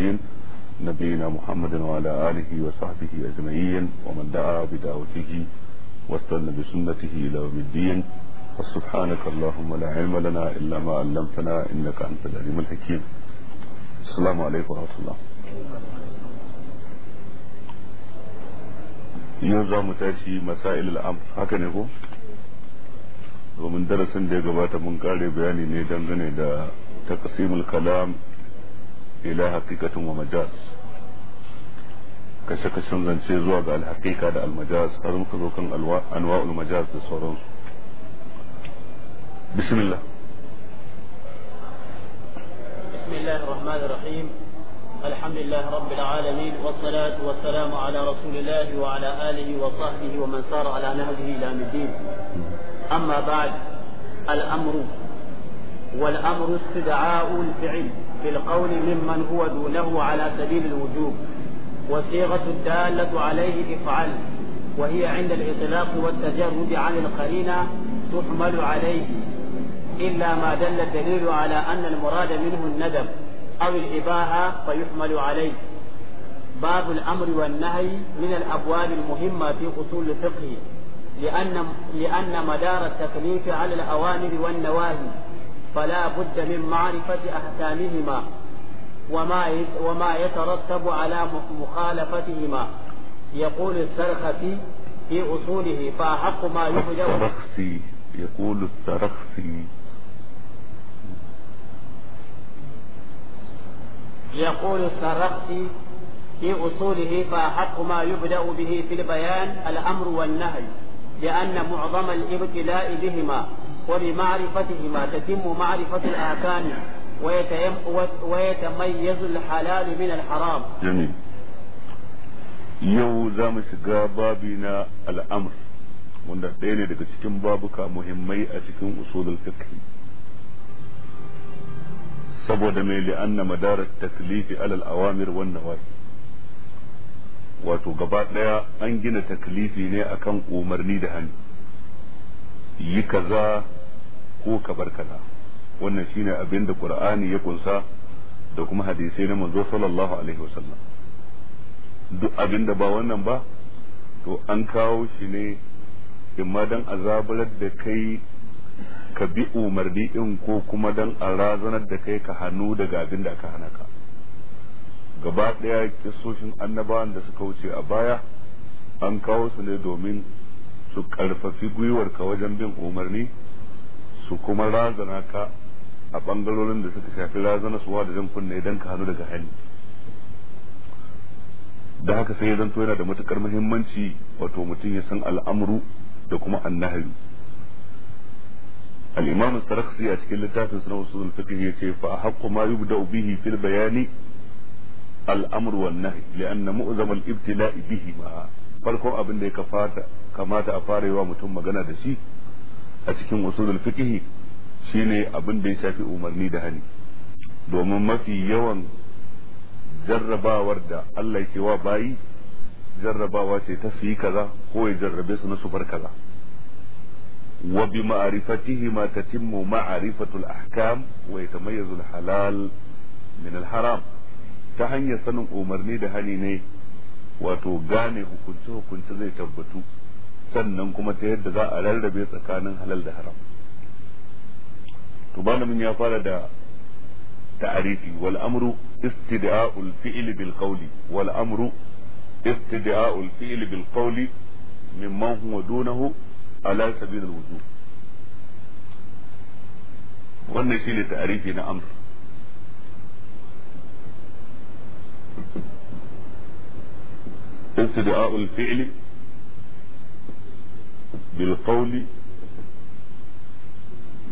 المرسلين نبينا محمد وعلى آله وصحبه أجمعين ومن دعا بدعوته واستنى بسنته إلى يوم الدين وسبحانك اللهم لا علم لنا إلا ما علمتنا إنك أنت العليم الحكيم السلام عليكم ورحمة الله yau za mu tashi masail al'am haka ne ko domin darasin da ya gabata mun kare bayani ne dangane da taqsimul kalam ila haqiqatun wa majaz kashe kashen zance zuwa ga alhaqiqa da almajaz har muka zo kan anwa'ul majaz da sauransu bismillah بسم الله الرحمن الرحيم الحمد لله رب العالمين والصلاة والسلام على رسول الله وعلى آله وصحبه ومن سار على نهجه إلى الدين أما بعد الأمر والأمر استدعاء الفعل بالقول ممن هو دونه على سبيل الوجوب وصيغة الدالة عليه افعل وهي عند الإطلاق والتجرد عن القرينة تحمل عليه إلا ما دل الدليل على أن المراد منه الندب أو الإباحة فيحمل عليه باب الأمر والنهي من الأبواب المهمة في أصول الفقه لأن, لأن مدار التكليف على الأوامر والنواهي فلا بد من معرفة أحكامهما وما وما يترتب على مخالفتهما يقول السرخسي في أصوله فأحق ما يبدأ السرخسي يقول السرخسي يقول السرخسي في أصوله فأحق ما يبدأ به في البيان الأمر والنهي لأن معظم الابتلاء بهما وبمعرفتهما تتم معرفة الأركان ويتميز الحلال من الحرام جميل yau za mu shiga babi al'amur wanda ɗaya ne daga cikin babuka muhimmai a cikin usulul fiqh saboda mai li'anna madarar taklifi alal awamir wannan wai wato gaba ɗaya an gina taklifi ne akan umarni da hannu yi kaza ko ka bar kaza wannan shine abin da qur'ani ya kunsa da kuma hadisai na manzo sallallahu alaihi wasallam duk abin da ba wannan ba to an kawo shi ne imma dan azabar da kai ka bi umarni in ko kuma dan a razanar da kai ka hannu daga abin da aka hana ka gaba ɗaya kisoshin annabawan da suka wuce a baya an kawo su ne domin su karfafi gwiwarka wajen bin umarni su kuma razana ka a bangarorin da suka shafi razana suwa da jan kunne idan ka hannu daga hali da haka sai ya zanto yana da matukar muhimmanci wato mutum ya san al'amuru da kuma annahari al-imam a cikin littafin sunan usul ya ce fa haqqu ma da bihi fil bayani al-amru li'anna muzamal ibtilai bihi ma farkon abin da ya kafata kamata a fara wa mutum magana da shi a cikin usulul fiqh shine abin da ya shafi umarni da hani domin mafi yawan jarrabawar da Allah yake wa bayi jarrabawa ce ta fi kaza ko ya jarrabe su na su bar kaza wa bi ma'rifatihi ma tatimmu ma'rifatul ahkam wa yatamayyazu al-halal min al-haram ta hanyar sanin umarni da hani ne wato gane hukunce hukunce zai tabbatu sannan kuma ta yadda za a rarrabe tsakanin halal da haram to malamin ya fara da ta'arifi wal amru istida'ul fi'l bil qawli wal amru istida'ul fi'l bil qawli mimman huwa dunahu ala sabil al wujub wannan shine ta'arifi na amr بالقول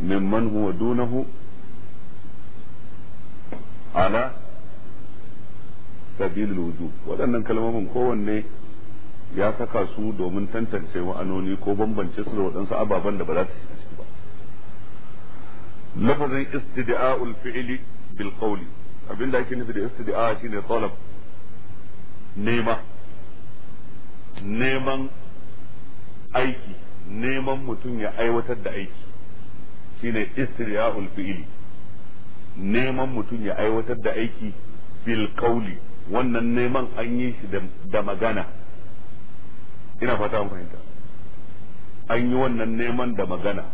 ممن هو دونه على سبيل الوجوب waɗannan kalmomin kowanne ya saka su domin tantance ma'anoni ko bambance su da waɗansu ababen da ba za su shiga ciki ba lafazin istida'ul fi'li bil qawli abinda ake nufi da istida'a shine talab nema neman aiki neman mutum ya aiwatar da aiki shine istirya'ul fi'ili neman mutum ya aiwatar da aiki bil kauli wannan neman an yi shi da magana ina fata an fahimta an yi wannan neman da magana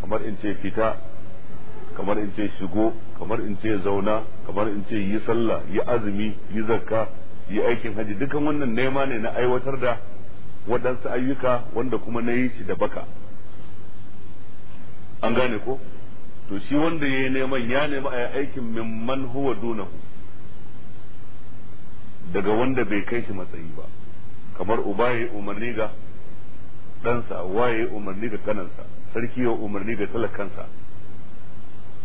kamar in ce fita kamar in ce shigo kamar in ce zauna kamar in ce yi sallah yi azumi yi zakka yi aikin haji dukan wannan nema ne na aiwatar da waɗansu ayyuka wanda kuma na yi shi da baka an gane ko to shi wanda ya yi neman ya nema a yi aikin mimman huwa dunahu daga wanda bai kai shi matsayi ba kamar uba ya yi umarni ga ɗansa wa ya yi umarni ga kanansa sarki ya umarni ga talakansa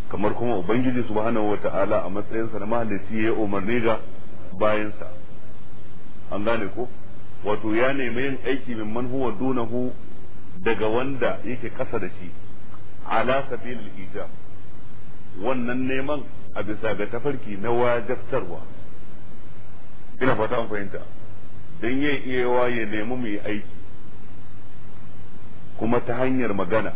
kamar kuma ubangiji subhanahu wata'ala a matsayinsa na mahalicci ya yi umarni ga bayansa an gane ko wato ya nemi yin aiki min manhuwa huwa dunahu daga wanda yake kasa da shi ala sabil ijab wannan neman a bisa ga tafarki na wajabtarwa ina fata fahimta don ya iya yawa ya nemi mu yi aiki kuma ta hanyar magana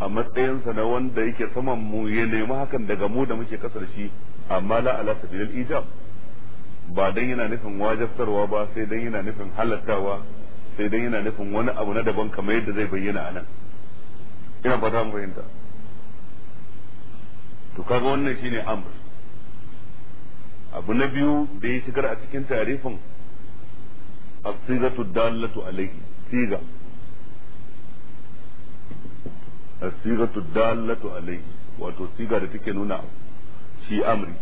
a matsayinsa na wanda yake saman mu ya nemi hakan daga mu da muke kasar shi amma la ala sabil ijab ba dan yana nufin wajabtarwa ba sai dan yana nufin halattawa sai dan yana nufin wani abu na daban kamar yadda zai bayyana a nan ina fata mun fahimta to kaga wannan shine amr abu na biyu da ya shigar a cikin tarifin asigatu dallatu alayhi siga asigatu dallatu alayhi wato siga da take nuna shi amri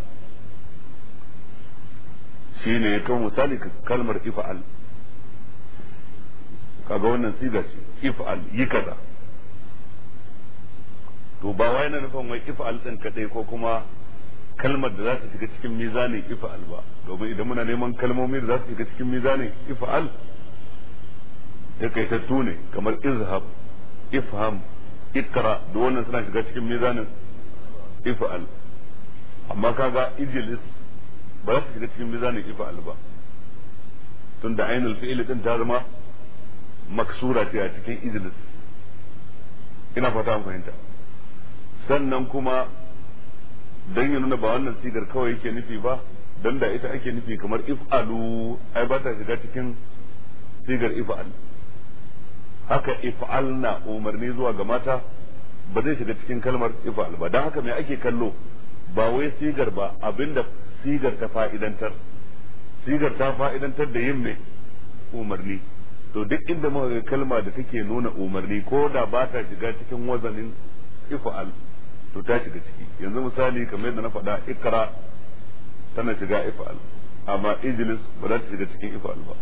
shine ya kawo misali kalmar if'al kaga wannan siga ce if'al yi kaza to ba wai na nufin wai if'al din kadai ko kuma kalmar da za ta shiga cikin mizanin if'al ba domin idan muna neman kalmomi da za su shiga cikin mizanin if'al takaitattu ne kamar izhab ifham ikra da wannan suna shiga cikin mizanin if'al amma kaga ijilis ba za ta shiga cikin mizanin ifa'al ba tunda ainihin fi'il din ta zama maksura ce a cikin ijlis ina fata an fahimta sannan kuma dan yi nuna ba wannan sigar kawai yake nufi ba dan da ita ake nufi kamar if'alu ai ba ta shiga cikin sigar if'al haka na umarni zuwa ga mata ba zai shiga cikin kalmar if'al ba don haka me ake kallo ba wai sigar ba abinda sigar ta fa'idantar sigar ta fa'idantar da yin mai umarni to duk inda muka ga kalma da take nuna umarni ko da ba ta shiga cikin wazanin ifa'al to ta shiga ciki yanzu misali kamar yadda na faɗa ikra tana shiga ifa'al amma ijlis ba za ta shiga cikin ifa'al ba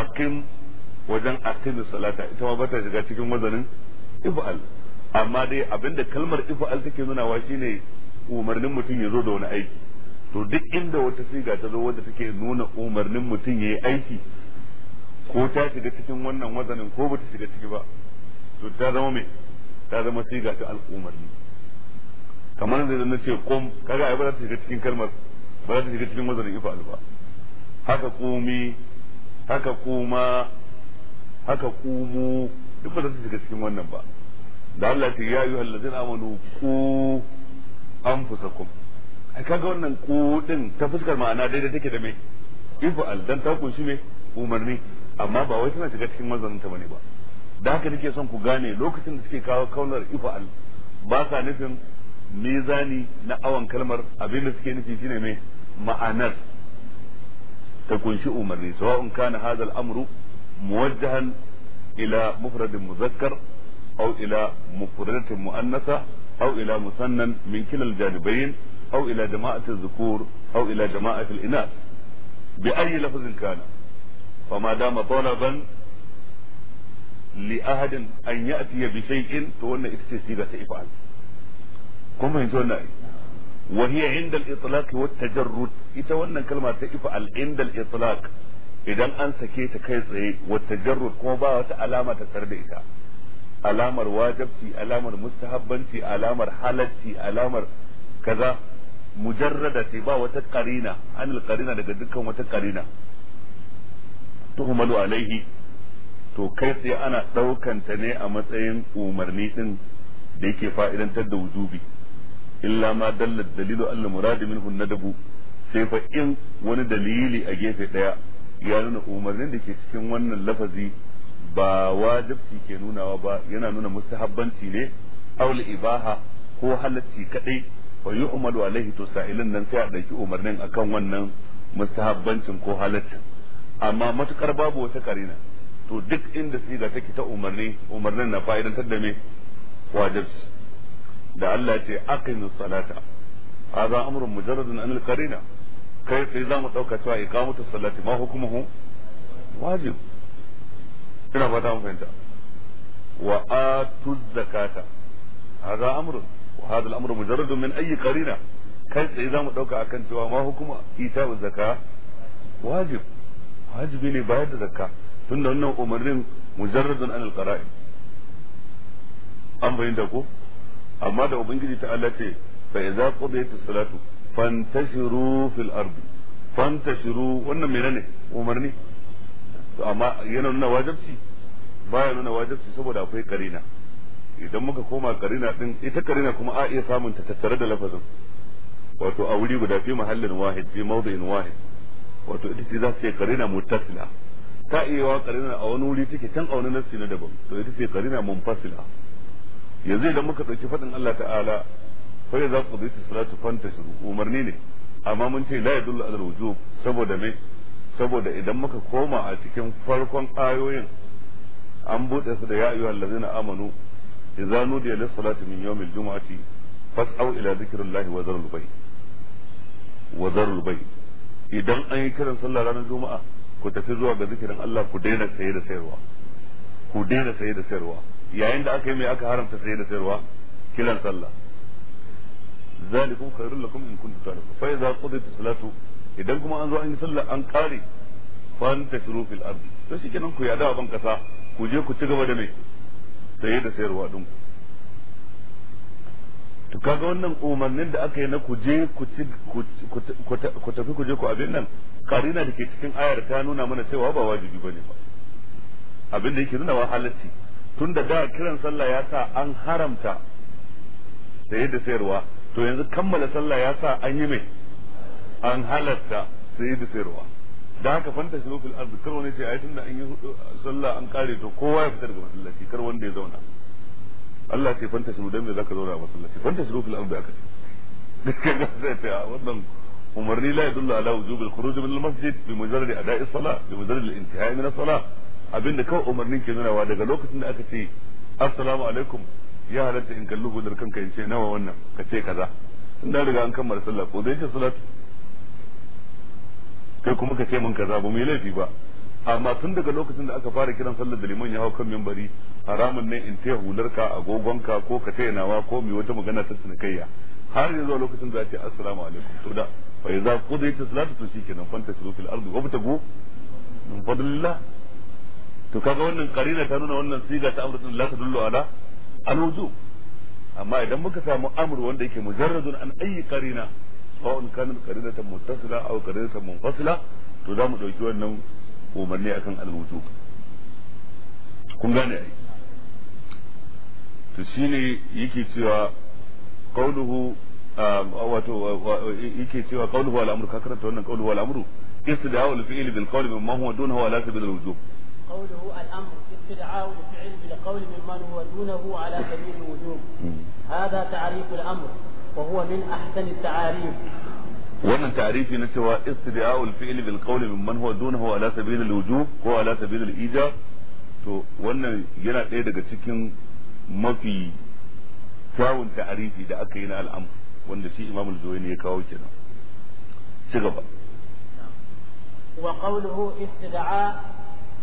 akim wajen aqim salata ita ma ba ta shiga cikin wazanin ifa'al amma dai abinda kalmar ifa'al take nunawa shine umarnin mutum ya zo da wani aiki to duk inda wata siga ta zo wadda take nuna umarnin mutum ya yi aiki ko ta shiga cikin wannan wazanin ko bata shiga ciki ba to ta zama mai ta zama siga ta al'umarni kamar da na ce kum kaga ai ba za ta shiga cikin kalmar ba za ta shiga cikin wazanin ifa'al ba haka kumi haka kuma haka kumu duk ba za ta shiga cikin wannan ba da Allah ya yi ayyuhal ladzina amanu ku anfusakum a kaga wannan kudin ta fuskar ma'ana daidai take da mai ifa'al dan ta kunshi mai umarni amma ba wai tana shiga cikin mazaninta bane ba da haka nake son ku gane lokacin da suke kawo kaunar ifa'al ba sa nufin mizani na awon kalmar abin da suke nufi shine mai ma'anar ta kunshi umarni sawa'un kana hadha al-amru muwajjahan ila mufradin muzakkar aw ila mufradatin muannasa aw ila musannan min kilal janibayn أو إلى جماعة الذكور أو إلى جماعة الإناث بأي لفظ كان فما دام طلبا لأحد أن يأتي بشيء فهن اكتسيبة إفعال كم هي وهي عند الإطلاق والتجرد إتوانا كلمة إفعل عند الإطلاق idan an sake ta kai tsaye wata jarrud kuma ba wata alama ta tsar da ita alamar wajabci alamar mustahabbanci alamar halacci alamar kaza mujarrada ce ba wata karina anil karina daga dukkan wata karina tuhmalu alaihi to kai sai ana daukan ta ne a matsayin umarni din da yake fa'idantar da wujubi illa ma dalla dalilu al muradimin minhu nadabu sai fa in wani dalili a gefe daya ya nuna umarnin da ke cikin wannan lafazi ba wajibci ke nunawa ba yana nuna mustahabbanci ne aul ibaha ko halacci kadai wa yu'malu alaihi to sa'ilin nan sai a ɗauki umarnin akan wannan mustahabbancin ko halaccin amma matukar babu wata karina to duk inda siga take ta umarni umarnin na fa'idantar da me wajib da Allah ce aqimu salata hadha amrun mujarradun an al-qarina kai sai zamu dauka cewa iqamatu salati ma hukumuhu wajib ina fata mun fahimta wa atu zakata hadha amrun وهذا الامر مجرد من اي قرينه kai tsaye za mu ɗauka akan cewa ma hukuma ita zakka wajib wajibi ne bayar da zakka tun da wannan umarnin mujarradun anil qara'i an bayyana ko amma da ubangiji ta Allah ce fa idza qudiyat as fantashiru fil fantashiru wannan menene umarni to amma yana nuna wajibci baya nuna wajibci saboda akwai karina idan muka koma karina din ita karina kuma a iya samun ta tattare da lafazin wato a wuri guda fi mahallin wahid fi mawdu'in wahid wato ita ce za su ce karina muttasila ta iya wa karina a wani wuri take can a wani nassi na daban to ita ce karina munfasila yanzu idan muka dauki fadin Allah ta'ala fa idza qudiyatis salatu shiru umarni ne amma mun ce la yadullu ala wujub saboda me saboda idan muka koma a cikin farkon ayoyin an buɗe su da ya ayyuhal amanu idza nudiya lis salati min yawm idan an yi kiran sallah ranar juma'a ku tafi zuwa ga zikirin Allah ku daina saye da sayarwa ku daina saye da sayarwa yayin da aka yi mai aka haramta saye da sayarwa sallah in salatu idan kuma an zo an yi sallah an kare fa antashiru fil ardi to shikenan ku yada ban kasa ku je ku ci gaba da mai saye da sayarwa din to kaga wannan umarnin da aka yi na ku je ku tafi ku je ku abin nan karina da ke cikin ayar ta nuna mana cewa ba wajibi ba ne ba abin da yake nuna wa halatti tun da da kiran sallah ya sa an haramta saye da sayarwa to yanzu kammala sallah ya sa an yi mai an halatta saye da sayarwa da haka fanta shi rufin arzu kar wani ce ayatun da an yi sallah an kare to kowa ya fita daga masallaci kar wanda ya zauna Allah ce fanta shi dan me zaka zauna a masallaci fanta shi rufin arzu aka ce dukkan gaskiya ce a wannan umarni la yadullu ala wujubi al-khuruj min al-masjid bi mujarrad ada'i as-salah bi mujarrad al-intihai min as-salah abinda kawai umarnin ke nuna wa daga lokacin da aka ce assalamu alaikum ya halatta in kallu hudar kanka in ce nawa wannan ka ce kaza in da riga an kammala sallah ko zai ce salatu kai kuma ka ce mun kaza ba mai laifi ba amma tun daga lokacin da aka fara kiran sallar da liman ya hau kan mimbari haramun ne in taya hularka agogonka ko ka taya nawa ko mai wata magana ta sinikayya har yanzu lokacin da ce assalamu alaikum to da fa idza qudiyat as-salatu to shikenan fanta shiru fil ardi wabtagu min fadlillah to kaga wannan karina ta nuna wannan siga ta amr din la tadullu ala al-wujub amma idan muka samu amr wanda yake mujarradun an ayi karina sawun kanat qarinatan muttasila aw qarinatan munfasila to za mu ɗauki wannan umarni akan alwudu kun gane ai to ne yake cewa qauluhu wato yake cewa qauluhu wal amru ka karanta wannan qauluhu wal amru istida'u al fi'l bil qawli mimma huwa dunahu ala sabil al wujub قوله الامر استدعاء الفعل بالقول ممن هو دونه على سبيل الوجوب هذا تعريف الامر وهو من احسن التعاريف ومن تعريفي نسوى استدعاء الفعل بالقول ممن هو دونه على سبيل الوجوب هو على سبيل الايجاب تو وانا يلا ايه دقا ما في كاون تعريفي دا اكينا الامر وانا في امام الزوين يكاوي كنا شغبا وقوله استدعاء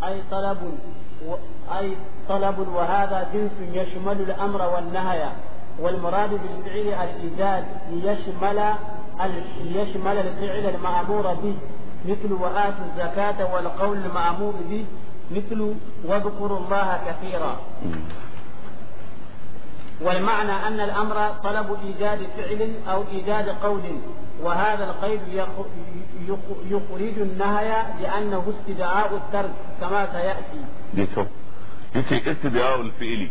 اي طلب و... اي طلب وهذا جنس يشمل الامر والنهي والمراد بالفعل الإيجاد ليشمل ليشمل الفعل المأمور به مثل وآتوا الزكاة والقول المأمور به مثل واذكروا الله كثيرا والمعنى أن الأمر طلب إيجاد فعل أو إيجاد قول وهذا القيد يخرج النهي لأنه استدعاء الترك كما سيأتي. استدعاء الفعل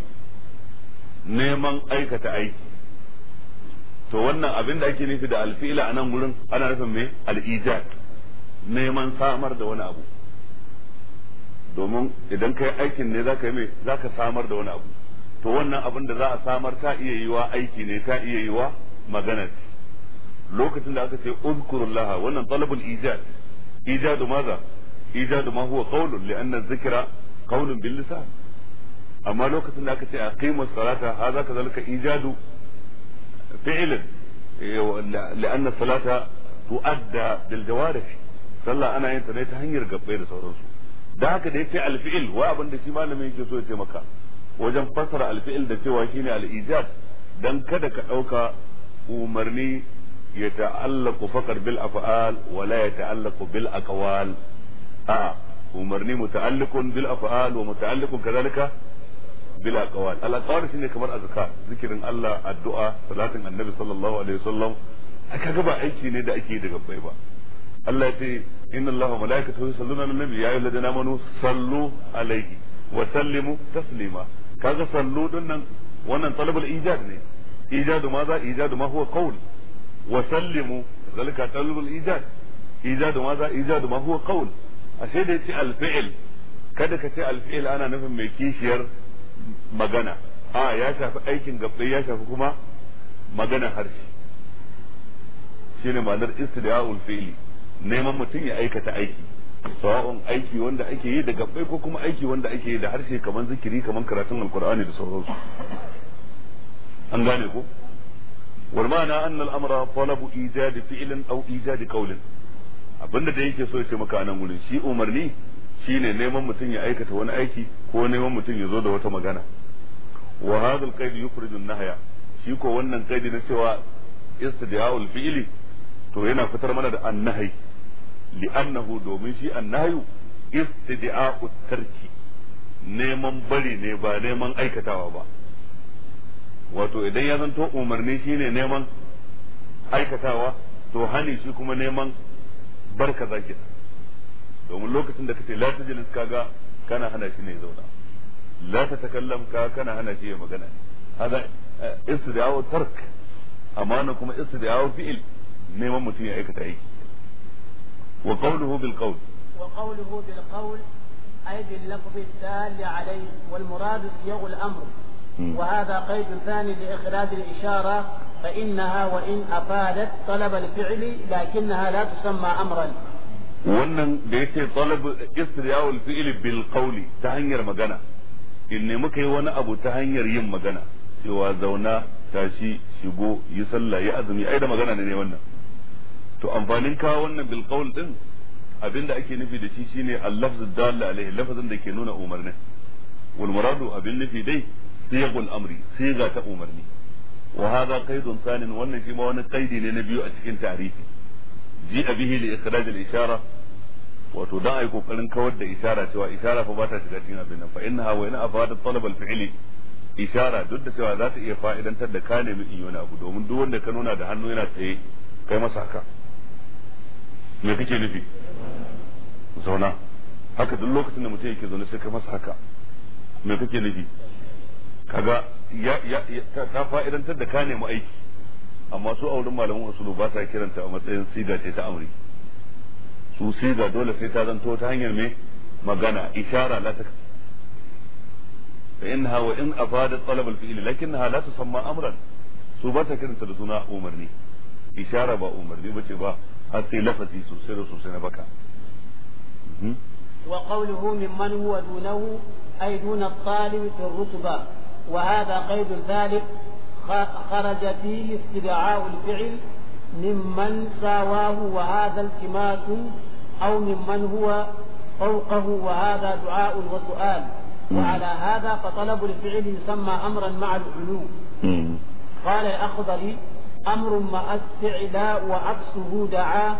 neman aikata aiki to wannan abin da ake nufi da alfi'ila a nan gurin ana nufin me al'ijad neman samar da wani abu domin idan kai aikin ne za zaka yi mai za ka samar da wani abu to wannan abin da za a samar ta iya yi wa aiki ne ta iya yi wa magana lokacin da aka ce uzkurullaha wannan talabul ijad ijadu maza ijadu ma huwa qawlun li anna dhikra qawlun bil lisan amma lokacin da aka ce a qima salata haza kazalika ijadu eh, salata لأن الصلاة تؤدى بالجوارح صلى أنا أنت نيت ta hanyar سورنسو da sauransu. da haka da yace alfi'il wa abin da shi malami yake so ya ce maka wajen fassara alfi'il da cewa shine al-ijab dan kada ka dauka umarni ya ta'allaqu faqat bil af'al wa la ya ta'allaqu bil aqwal a umarni muta'alliqun bil af'al wa muta'alliqun kadhalika Bila aqwal al aqwal shine kamar azka zikirin Allah addu'a salatin annabi sallallahu alaihi wasallam kaga ba aiki ne da ake yi daga bai ba Allah ce inna Allah wa malaikatahu yusalluna ala nabi ya ayyuhalladhina amanu sallu alaihi wa sallimu taslima kaga sallu nan wannan talabul ijad ne ijadu ma za ijadu ma huwa qawl wa sallimu zalika talabul ijad ijadu ma za ijadu ma huwa qawl ashe da yace al fi'l kada ka ce al fi'l ana nufin mai kishiyar magana a ya shafi aikin gabbai ya shafi kuma magana harshe Shi ne ma'anar istida'ul fi'li neman mutum ya aikata aiki sawa'un aiki wanda ake yi da gabbai ko kuma aiki wanda ake yi da harshe kamar zikiri kamar karatun alkur'ani da sauransu an gane ko wal ma'ana anna al-amra talabu ijadi fi'lin aw ijadi qawlin abinda da yake so ya ce maka nan gurin shi umarni shine neman mutum ya aikata wani aiki ko neman mutum ya zo da wata magana wa hadha al-qaid yukhriju nahya shi ko wannan qaidi na cewa istida'ul fi'li to yana fitar mana da annahi li'annahu domin shi an-nahyu tarki neman bari ne ba neman aikatawa ba wato idan ya zanto umarni shine neman aikatawa to hani shi kuma neman barka zaki domin lokacin da kace la tajlis kaga kana hana shi ne zauna la ta takallam ka kana hana shi ya magana hada istidawu tark amana kuma istidawu fi'il neman mutum ya aikata aiki wa qawluhu bil qawl wa qawluhu bil qawl أي باللفظ الدال عليه والمراد صيغ الأمر وهذا قيد ثاني لإخراج الإشارة فإنها وإن أفادت طلب الفعل لكنها لا تسمى أمرا wannan da yace talab istirya'ul fi'li bil qawli ta hanyar magana in ne muka yi wani abu ta hanyar yin magana cewa zauna tashi shigo yi sallah yi azumi ai da magana ne wannan to amfanin kawo wannan bil qawl din abinda ake nufi da shi shine al-lafz dal alaihi lafazin da ke nuna umarni wal muradu abin nufi dai siyaqul amri siga ta umarni wa hadha qaidun sanin wannan shi ma wani qaidi ne na biyu a cikin tarihi ji bihi da ikhraj al ishara wato dan ai kokarin kawar da ishara cewa ishara fa ba ta shiga cikin abin nan fa innaha wa ina afadat talab al fi'li ishara duk da cewa za ta iya fa'idantar da kane nemi in wani abu domin duk wanda ka nuna da hannu yana tsaye kai masa haka me kake nufi zauna haka duk lokacin da mutum yake zaune sai kai masa haka me kake nufi kaga ya ya ta fa'idantar da kane mu aiki amma su a wurin malaman usulu ba sa kiranta a matsayin siga ce ta amri su siga dole sai ta zanto ta hanyar me magana ishara la ta fa inha wa in afadat talab al fi'l lakinnaha la tusamma amran su ba ta kiranta da suna umarni ishara ba umarni bace ba har sai lafazi sosai da sosai na baka وقوله ممن هو دونه أي دون الطالب في الرتبة وهذا قيد ذلك خرج فيه استدعاء الفعل ممن ساواه وهذا التماس أو ممن هو فوقه وهذا دعاء وسؤال وعلى هذا فطلب الفعل يسمى أمرا مع العلو قال اخضري أمر مع استعلاء وعكسه دعاء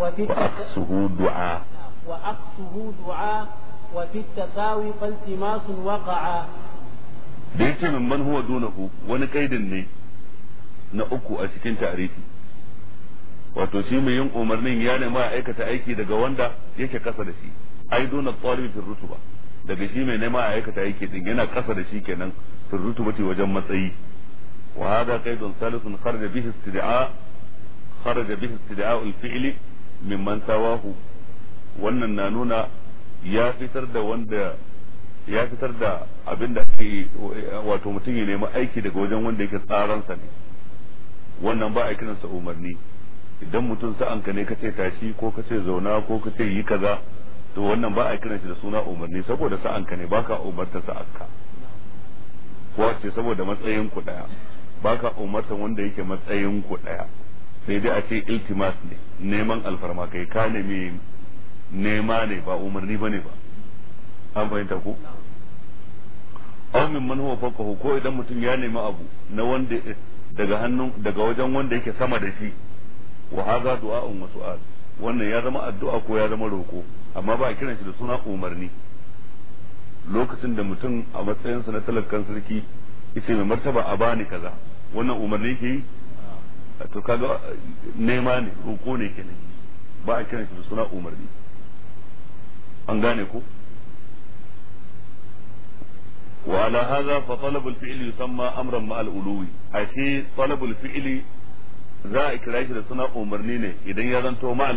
وفي وعكسه دعاء وعكسه دعاء وفي التساوي فالتماس وقع da yace min man huwa dunahu wani kaidin ne na uku a cikin tarihi wato shi mai yin umarnin ya nema aikata aiki daga wanda yake kasa da shi ai duna talibi fil rutuba daga shi mai nema aikata aiki din yana kasa da shi kenan fil rutubati wajen matsayi wa hada qaidun salisun kharaja bihi istidaa kharaja bihi istidaa al fi'li mimman tawahu wannan na nuna ya fitar da wanda ya fitar da abin da ake wato mutum ya nemi aiki daga wajen wanda yake tsaransa ne wannan ba a kiransa umarni idan mutum sa'anka ne kace tashi ko kace zauna ko kace yi kaza to wannan ba a kiran shi da suna umarni saboda sa'anka ne baka umarta sa'anka ko ce saboda matsayin ku daya baka umarta wanda yake matsayin ku daya sai dai a ce iltimas ne neman alfarma kai ka nemi nema ne ba umarni bane ba an fahimta ku amin man huwa fakahu ko idan mutum ya nemi abu na wanda daga hannun daga wajen wanda yake sama da shi wa haza du'a'un wa su'al wannan ya zama addu'a ko ya zama roko amma ba a kiran shi da suna umarni lokacin da mutum a matsayinsa na talakkan sarki yace mai martaba a bani kaza wannan umarni ke yi to kaga nema ne roko ne kenan ba a kiran shi da suna umarni an gane ko وعلى هذا فطلب الفعل يسمى امرا مع الالوي اشي طلب الفعل ذا a kira shi da suna umarni ne idan ya zanto ma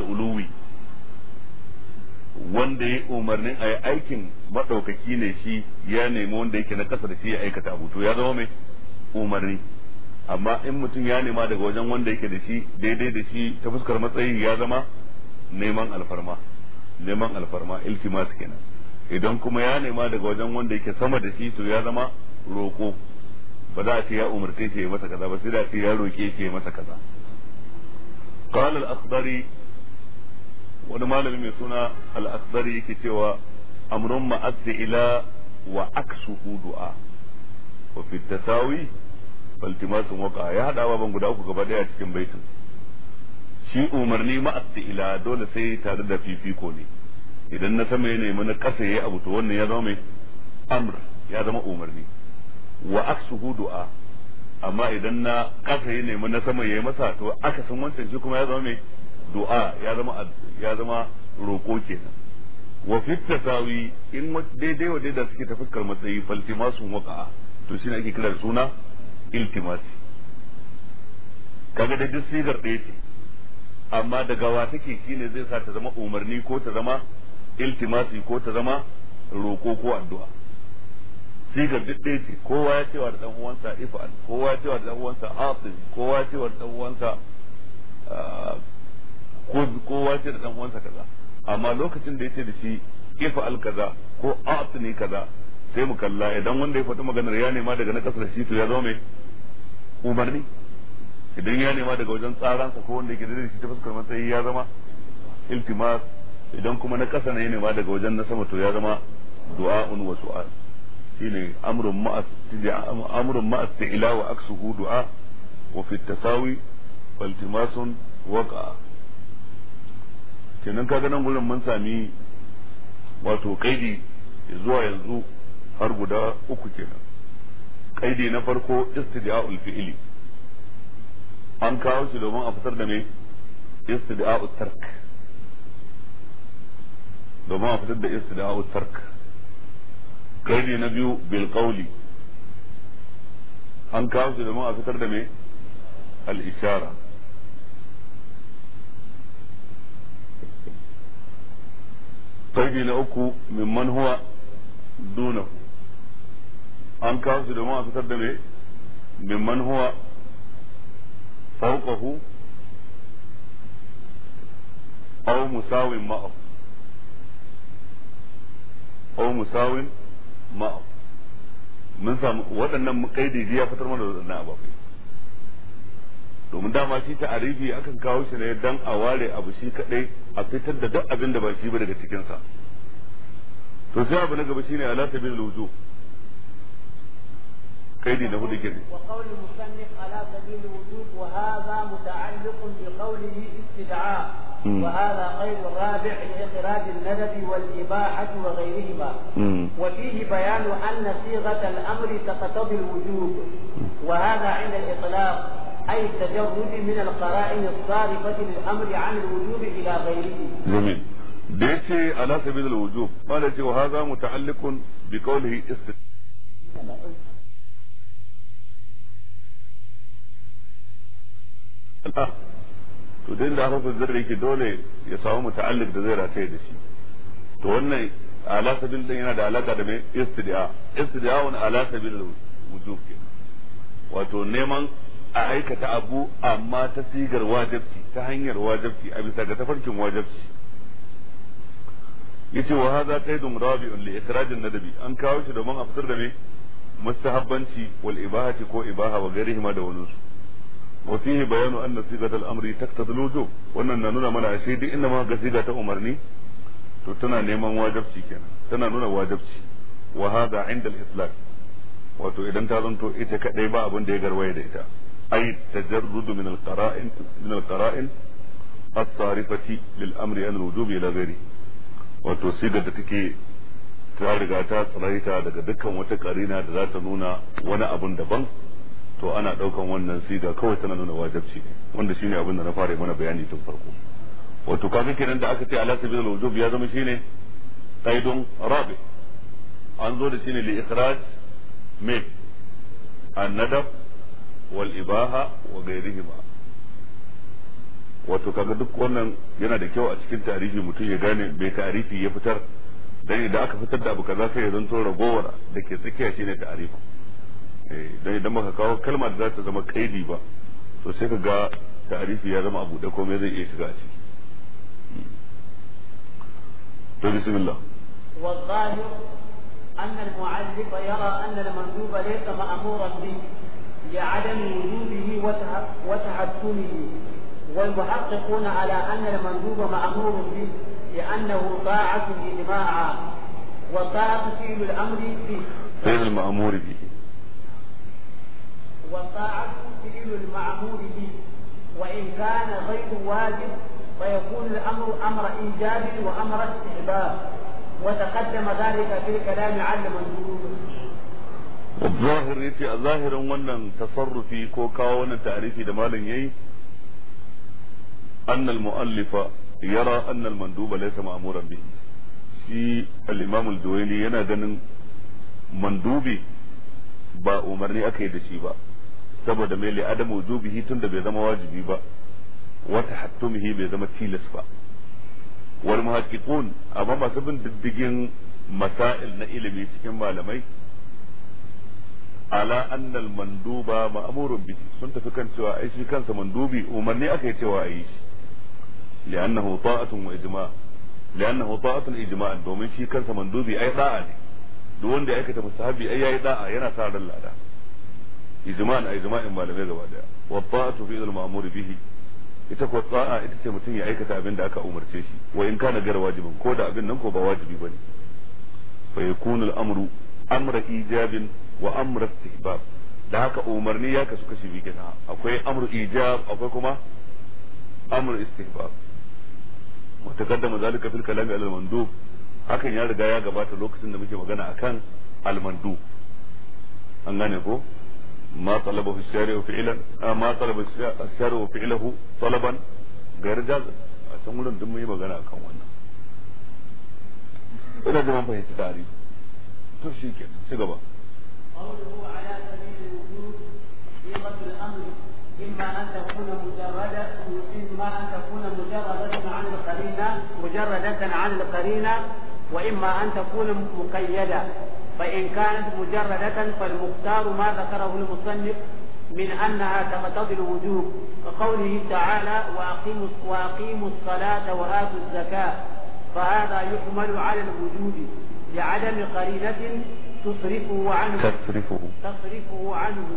wanda ya umarni a yi aikin maɗaukaki ne shi ya nemi wanda yake na ƙasa da shi ya aikata abu to ya zama mai umarni amma in mutum ya nema daga wajen wanda yake da shi daidai da shi ta fuskar matsayi ya zama neman alfarma neman alfarma iltimas kenan idan kuma ya nema daga wajen wanda yake sama da shi to ya zama roko ba za a ce ya umarce shi ya masa kaza ba sai da ce ya roke shi ya masa kaza qala al-akhdari wani malami mai suna al-akhdari yake cewa amrun ma'azzi ila wa aksuhu du'a wa fi tasawi faltimasun waka ya hada baban guda uku gaba daya cikin baitin shi umarni ma'azzi ila dole sai tare da fifiko ne idan na sama ya nemi na ƙasa yayi abu to wannan ya zama mai amr ya zama umarni wa aksuhu du'a amma idan na ƙasa ya nemi na sama yi masa to aka san wancan shi kuma ya zama mai du'a ya zama ya zama roƙo kenan wa fi tasawi in daidai wa daidai suke ta fuskar matsayi faltimasu waqa'a to shine ake kira da suna iltimasi kaga da duk sigar ɗaya ce amma daga wa take shine zai sa ta zama umarni ko ta zama iltimasi ko ta zama roko ko addu'a sigar duk ɗaya ce kowa ya cewa da dan uwansa ifa'al kowa ya cewa da dan uwansa atin kowa ya cewa da dan uwansa ko kowa ce da dan uwansa kaza amma lokacin da yace da shi ifa'al kaza ko atini kaza sai mu kalla idan wanda ya faɗi maganar ya nema daga na kasar shi to ya zama mai umarni idan ya nema daga wajen tsaransa ko wanda yake da shi ta fuskar matsayi ya zama iltimas idan kuma na ƙasa ne ma daga wajen na sama to ya zama du'a'un wa su'al shine amrun ma'a amrun ma'a ila wa aksuhu du'a wa fi tasawi faltimasun waqa kenan kaga nan gurin mun sami wato kaidi zuwa yanzu har guda uku kenan kaidi na farko istida'ul fi'li an kawo shi domin a fitar da me istida'ut tark domin a fitar da istida'u tark kaidi na biyu bilkauli an kawo su domin a fitar da me al'ishara ishara na uku mimman huwa dunahu an kawo su domin a fitar da me mimman huwa fawqahu aw musawin ma'ahu aw musawin ma mun samu waɗannan kaidi ya fitar mana da waɗannan domin dama shi ta arifi akan kawo shi ne dan a ware abu shi kadai a fitar da duk abin da ba shi ba daga cikinsa to sai abu na gaba shine ala sabilil wujuh كيدي له وقول المصنف على سبيل الوجوب وهذا متعلق بقوله استدعاء وهذا غير الرابع لإخراج الندب والإباحة وغيرهما وفيه بيان أن صيغة الأمر تقتضي الوجوب وهذا عند الإطلاق أي التجرد من القرائن الصارفة للأمر عن الوجوب إلى غيره جميل da على سبيل الوجوب قالت وهذا متعلق بقوله استدعاء to dai da harfin zarra yake dole ya samu muta'alliq da zai rataye da shi to wannan alaka sabil din yana da alaka da mai istida'a istida'un ala sabil wujub wato neman a aikata abu amma ta sigar wajabci ta hanyar wajabci a bisa ga tafarkin wajabci. yace wa hadha qaidun rabi'un li ikhraj an-nadabi an kawo shi domin a fitar da me mustahabbanci wal ibahati ko ibaha wa gairihima da wani su wa fihi bayanu anna sigat al-amri taqtadi al wannan na nuna mana ashe duk inda muka ga ta umarni to tana neman wajibci kenan tana nuna wajibci wa hada inda al wato idan ta zanto ita kadai ba abin da ya garwaye da ita ay tajarrudu min al-qara'in min al-qara'in at-tarifati lil an wato sigar da take ta riga ta tsaraita daga dukkan wata karina da za ta nuna wani abun daban to ana ɗaukan wannan siga kawai tana nuna wajibci wanda shine abin da na fara mana bayani tun farko wato kaga kenan da aka ce ala sabil wujub ya zama shine qaidun rabi an zo da shine li ikhraj min nadab wal ibaha wa ghayrihima wato kaga duk wannan yana da kyau a cikin tarihi mutum ya gane me tarihi ya fitar dan idan aka fitar da abu kaza sai ya zanto ragowar da ke tsakiya shine tarihi Eh, don idan baka kawo kalma da za ta zama kaidi ba to sai ka ga ta'arifi ya abu da komai zai iya shiga a ciki to bismillah wa zahir an al mu'allif yara an al mandub laysa ma'muran bi li'adam wujudihi wa wa tahassunihi wal muhaqqiquna ala an al mandub ma'mur bi li'annahu ta'atun li jama'a wa ta'atun fi al amri fi al ma'mur والطاعة فعل المعمول به وإن كان غير واجب فيكون الأمر أمر إيجاب وأمر استحباب وتقدم ذلك في الكلام عن منذور الظاهر يتي الظاهر أن تصرفي كوكا وأن تعريفي wannan أن المؤلف يرى أن المندوب ليس مأمورا به في الإمام الدويني ينادن مندوبي yana ganin mandubi ba umarni aka yi da shi ba saboda mai li adam wujubihi da bai zama wajibi ba wa tahattumihi bai zama tilas ba wal muhaqqiqun amma masu bin diddigin masail na ilimi cikin malamai ala anna al manduba ma'murun bihi sun tafi kan cewa ai shi kansa mandubi umarni aka yi cewa ai shi li'annahu ta'atun wa ijma' li'annahu ta'atun ijma'an domin shi kansa mandubi ai da'a ne duk wanda ya aikata mustahabi ai yayi da'a yana sa ran lada izman a izman malamai gaba daya wa ta'atu fi al-ma'mur bihi ita ko ta'a ita ce mutum ya aikata abin da aka umarce shi wa in kana gar wajibin ko da abin nan ko ba wajibi bane fa yakunu al-amru amra ijabin wa amra istihbab da haka umarni ya kasu kashi biyu kenan akwai amru ijab akwai kuma amru istihbab wa zalika fil kalam al mandub hakan ya riga ya gabata lokacin da muke magana akan al mandub an gane ko ما طلبه الشارع فعلا ما طلب الشارع فعله طلبا غير جاز a can wurin duk mun yi magana akan wannan ina da mun fahimci tare to shi ke ci gaba قوله على سبيل الوجود قيمة الأمر إما أن تكون مجردة إما أن تكون مجردة عن القرينة مجردة عن القرينة وإما أن تكون مقيدة فإن كانت مجردة فالمختار ما ذكره المصنف من أنها تقتضي الوجوب كقوله تعالى وأقيموا, وأقيم الصلاة وآتوا الزكاة فهذا يحمل على الوجوب لعدم قرينة تصرفه عنه تصرفه تصرفه عنه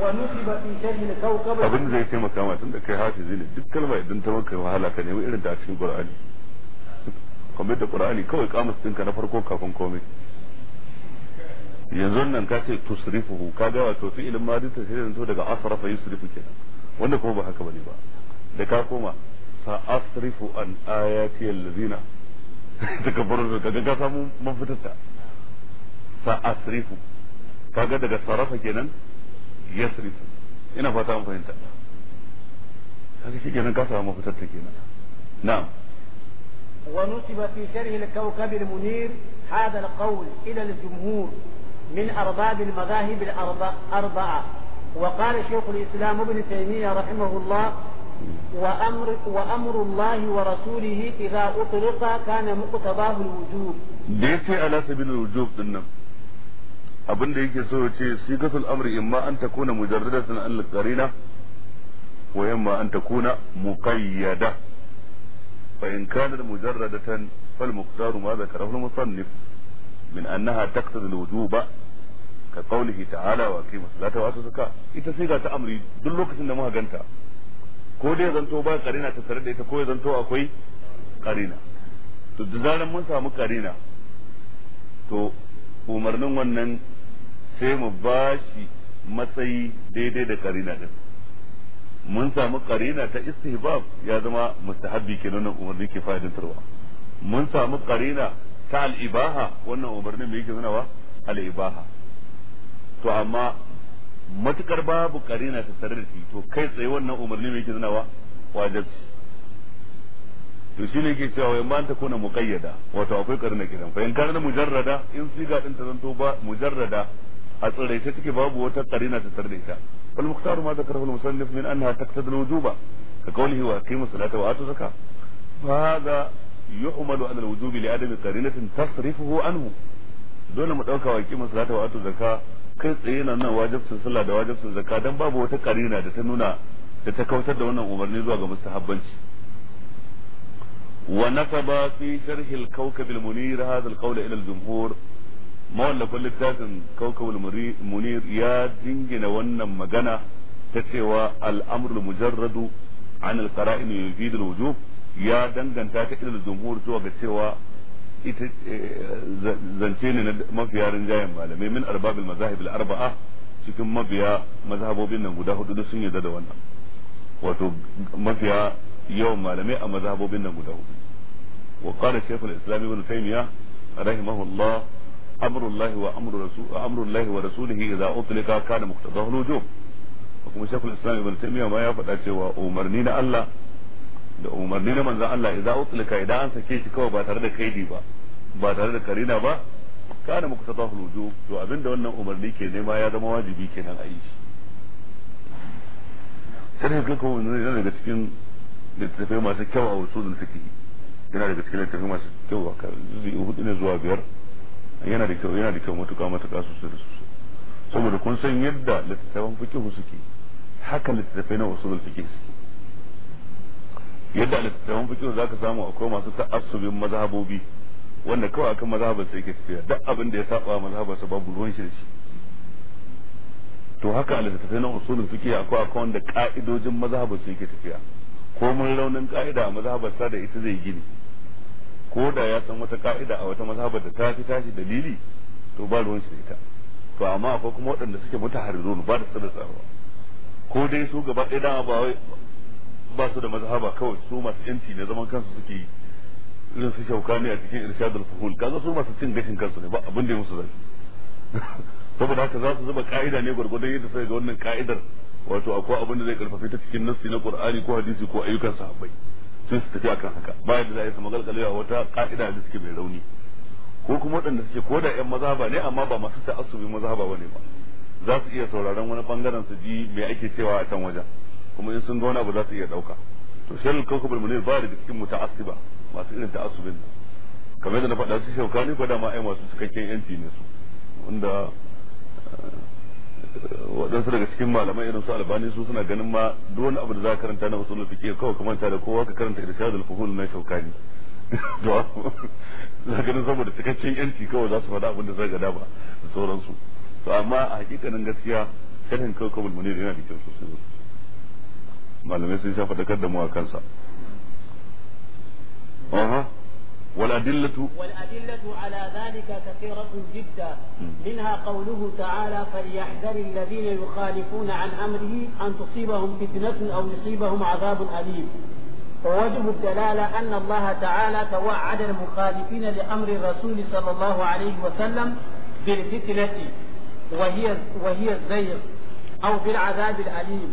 ونسب في شرح الكوكب أبن زي كما كما ma tun da kai hafizi ne duk kalma idan ta maka wahala ka da qur'ani kawai kamus ɗinka na farko kafin komai yanzu nan ka ce tusrifuhu ka ga wato fi'ilin madi ta sai zanto daga asrafa yusrifu kenan wanda kuma ba haka bane ba da ka koma sa asrifu an ayati allazina daga barin ka ga samu mafitar ta sa asrifu kaga daga sarafa kenan yasrifu ina fata an fahimta kaga shi kenan ka samu mafitar ta kenan na'am ونسب في شره الكوكب المنير هذا القول إلى الجمهور من أرباب المذاهب الأربعة وقال شيخ الإسلام ابن تيمية رحمه الله وأمر, وأمر الله ورسوله إذا أطلق كان مقتضاه الوجوب ليس على سبيل الوجوب إنه abin da yake so ce sigatul amri imma an takuna mujarradatan an qarina wa imma an takuna muqayyada فإن كانت مجردة فالمختار ما ذكره المصنف من أنها تقتضي الوجوب كقوله تعالى وأقيم الصلاة وآتوا الزكاة ita siga ta amri duk lokacin da muka ganta ko dai zanto ba karina ta tare da ita ko zanto akwai karina to da zaran mun samu karina to umarnin wannan sai mu bashi matsayi daidai da karina din mun samu karina ta istihbab ya zama mustahabbi kenan nan umarni ke turwa mun samu karina ta al'ibaha wannan umarnin me yake nunawa al'ibaha to amma matukar babu karina ta sarrafi to kai tsaye wannan umarni me yake nunawa wajib to shine ke cewa wai ma ta kuna muqayyada wato akwai karina kiran fa in karina mujarrada in siga din ta zanto ba mujarrada a ta take babu wata karina ta sarrafi والمختار ما ذكره المصنف من أنها تقتضي الوجوب كقوله وأقيموا الصلاة وآتوا الزكاة فهذا يحمل على الوجوب لعدم قرينة تصرفه عنه dole mu ɗauka wa kimin salata wa atu zaka kai tsaye nan nan wajibcin sallah da wajibcin zaka dan babu wata karina da ta nuna da ta kautar da wannan umarni zuwa ga mustahabbanci wa nasaba fi sharhi al-kawkab al-munir hadha al-qawl ila al-jumhur mawallafin littafin kawkawul munir ya dingina wannan magana ta cewa al'amrul mujarradu an al-qara'in yufidul wujub ya danganta ta ilal jumhur zuwa ga cewa ita eh, zance ne na mafiya rinjayen malamai min arbabil mazahib al-arba'a cikin mabiya mazhabobin nan guda hudu sun yarda da wannan wato mafiya yawan malamai a mazhabobin nan guda hudu wa qala shaykh al-islam ibn taymiyah rahimahullah amrullahi wa amru rasul amrullahi wa rasulihi idza utlika kana muqtadahu lujum kuma shekul islam ibn taymiya ma ya faɗa cewa umarni na Allah da umarni na manzon Allah idza utlika idan an sake shi kawai ba tare da kaidi ba ba tare da karina ba kana muqtadahu lujum to abinda wannan umarni ke nema ya zama wajibi kenan a yi shi sai ga ko ne daga cikin littattafai masu kyau a usulul fiqh yana daga cikin littattafai masu kyau a kan hudu ne zuwa biyar yana da kyau yana da kyau matuƙa matuƙa sosai da sosai saboda kun san yadda littattafan fiqh suke haka littattafai na usulul ke suke yadda littattafan za zaka samu akwai masu ta'assubin mazhabobi wanda kawai akan mazhabar sai ke tafiya duk abin da ya saba mazhabar sa babu ruwan shi da shi to haka a littattafai na usulul fiqh akwai akwai wanda ka'idojin mazhabar sai ke tafiya ko mun raunin ka'ida a sa da ita zai gini ko da ya san wata ka'ida a wata mazhabar da ta fi tashi dalili to ba ruwan shi da ita to amma akwai kuma waɗanda suke mutaharrirun ba da sanin tsarwa ko dai su gaba ɗaya dama ba wai ba su da mazhaba kawai su masu yanci ne zaman kansu suke yi irin su shauka ne a cikin irshadul fuhul kaga su masu cin gashin kansu ne ba abin da ya musu zafi saboda haka za su zuba ka'ida ne gwargwadon yadda sai ga wannan ka'idar wato akwai abin da zai karfafe ta cikin nassi na qur'ani ko hadisi ko ayyukan sahabbai sun su tafi akan haka ba yadda za a yi su a wata ka'ida da suke mai rauni ko kuma waɗanda suke ko da yan ba ne amma ba masu ta'assubi ba bane ba za su iya sauraron wani bangaren su ji me ake cewa a can wajen kuma in sun ga wani abu za su iya ɗauka to shirin kawkabul munir ba da cikin muta'assiba masu irin ta'assubin kamar yadda na faɗa su shaukani ko da ma ai masu cikakken yanci ne su wanda waɗansu daga cikin malamai irin su albani su suna ganin ma duk wani abu da za ka karanta na usulul fiqh kawai kamar ta da kowa ka karanta irshadul fuhul na shaukani to za ganin saboda cikakken yanci kawai za su faɗa abin da zai gada ba da sauransu to amma a hakikanin gaskiya shirin kawai kabul munir yana da kyau sosai malamai sun sha faɗakar da mu a kansa aha والأدلة والأدلة على ذلك كثيرة جدا منها قوله تعالى فليحذر الذين يخالفون عن أمره أن تصيبهم فتنة أو يصيبهم عذاب أليم ووجه الدلالة أن الله تعالى توعد المخالفين لأمر الرسول صلى الله عليه وسلم بالفتنة وهي وهي الزيغ أو بالعذاب الأليم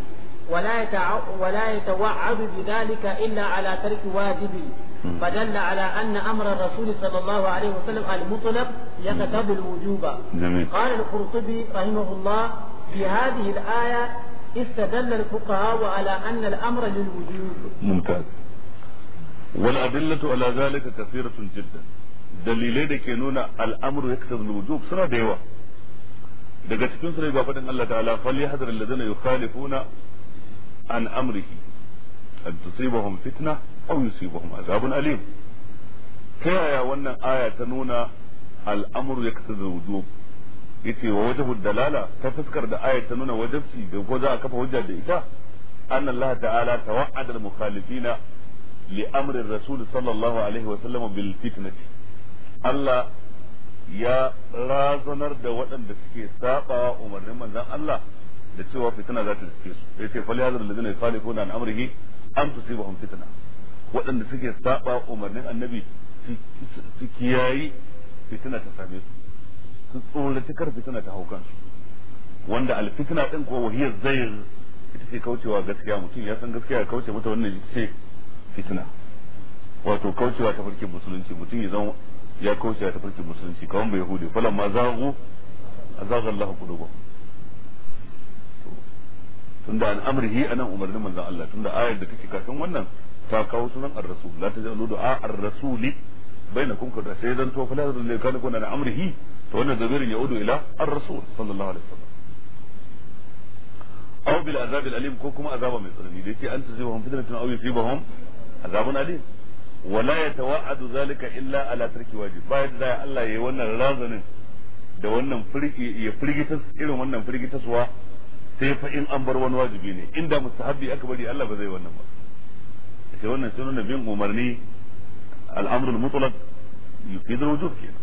ولا ولا يتوعد بذلك إلا على ترك واجب فدل على أن أمر الرسول صلى الله عليه وسلم المطلق يقتضي الوجوب جميل. قال القرطبي رحمه الله في هذه الآية استدل الفقهاء على أن الأمر للوجوب ممتاز والأدلة على ذلك كثيرة جدا dalilai da ke nuna al'amru ya kasar wujub suna da yawa daga cikin su ne ga faɗin Allah ta'ala fal yahdhar alladhina yukhalifuna an amrihi an tusibahum fitna aw yusibahum azabun alim ta yaya wannan aya ta nuna al'amru yaktazu wujub yace wa wajhu dalala ta fuskar da aya ta nuna wajibci da ko za a kafa hujja da ita anna Allah ta'ala tawa'ada al-mukhalifina li amri ar-rasul sallallahu alaihi wa sallam Allah ya razanar da waɗanda suke saba umarnin manzan Allah da cewa fitina za ta riske su yace fal yadhar alladhina yukhalifuna an amrihi an tusibahum fitina. waɗanda suke saba umarnin annabi su kiyayi fitina ta same su su tsoraci kar fitina ta hau kansu wanda alfitina din ko wahiyar zai ita ce kaucewa gaskiya mutum ya san gaskiya ya kauce mata wannan ce fitina wato kaucewa ta farkin musulunci mutum ya zama ya kaucewa ta farkin musulunci kawan bai yahudi falan ma zagu azaga Allah qulubuhum tunda a nan umarnin manzon Allah tunda ayar da take kafin wannan ta kawo sunan ar-rasul la tajalu du'a ar-rasuli bainakum kada sai zan to fa la zan kana kuna na amrihi to wannan zabirin ya udu ila ar-rasul sallallahu alaihi wasallam aw bil azab al-alim ko kuma azaba mai tsanani da yake an tusibahum fitnatun aw yusibahum azabun alim wala yatawa'adu zalika illa ala tarki wajib bayan da Allah yayi wannan razanin da wannan ya firgitas irin wannan firgitaswa sai fa in an bar wani wajibi ne inda mustahabbi aka bari Allah ba zai wannan ba ce wannan sun nuna bin umarni al'amrul mutlaq yufidul wujub kenan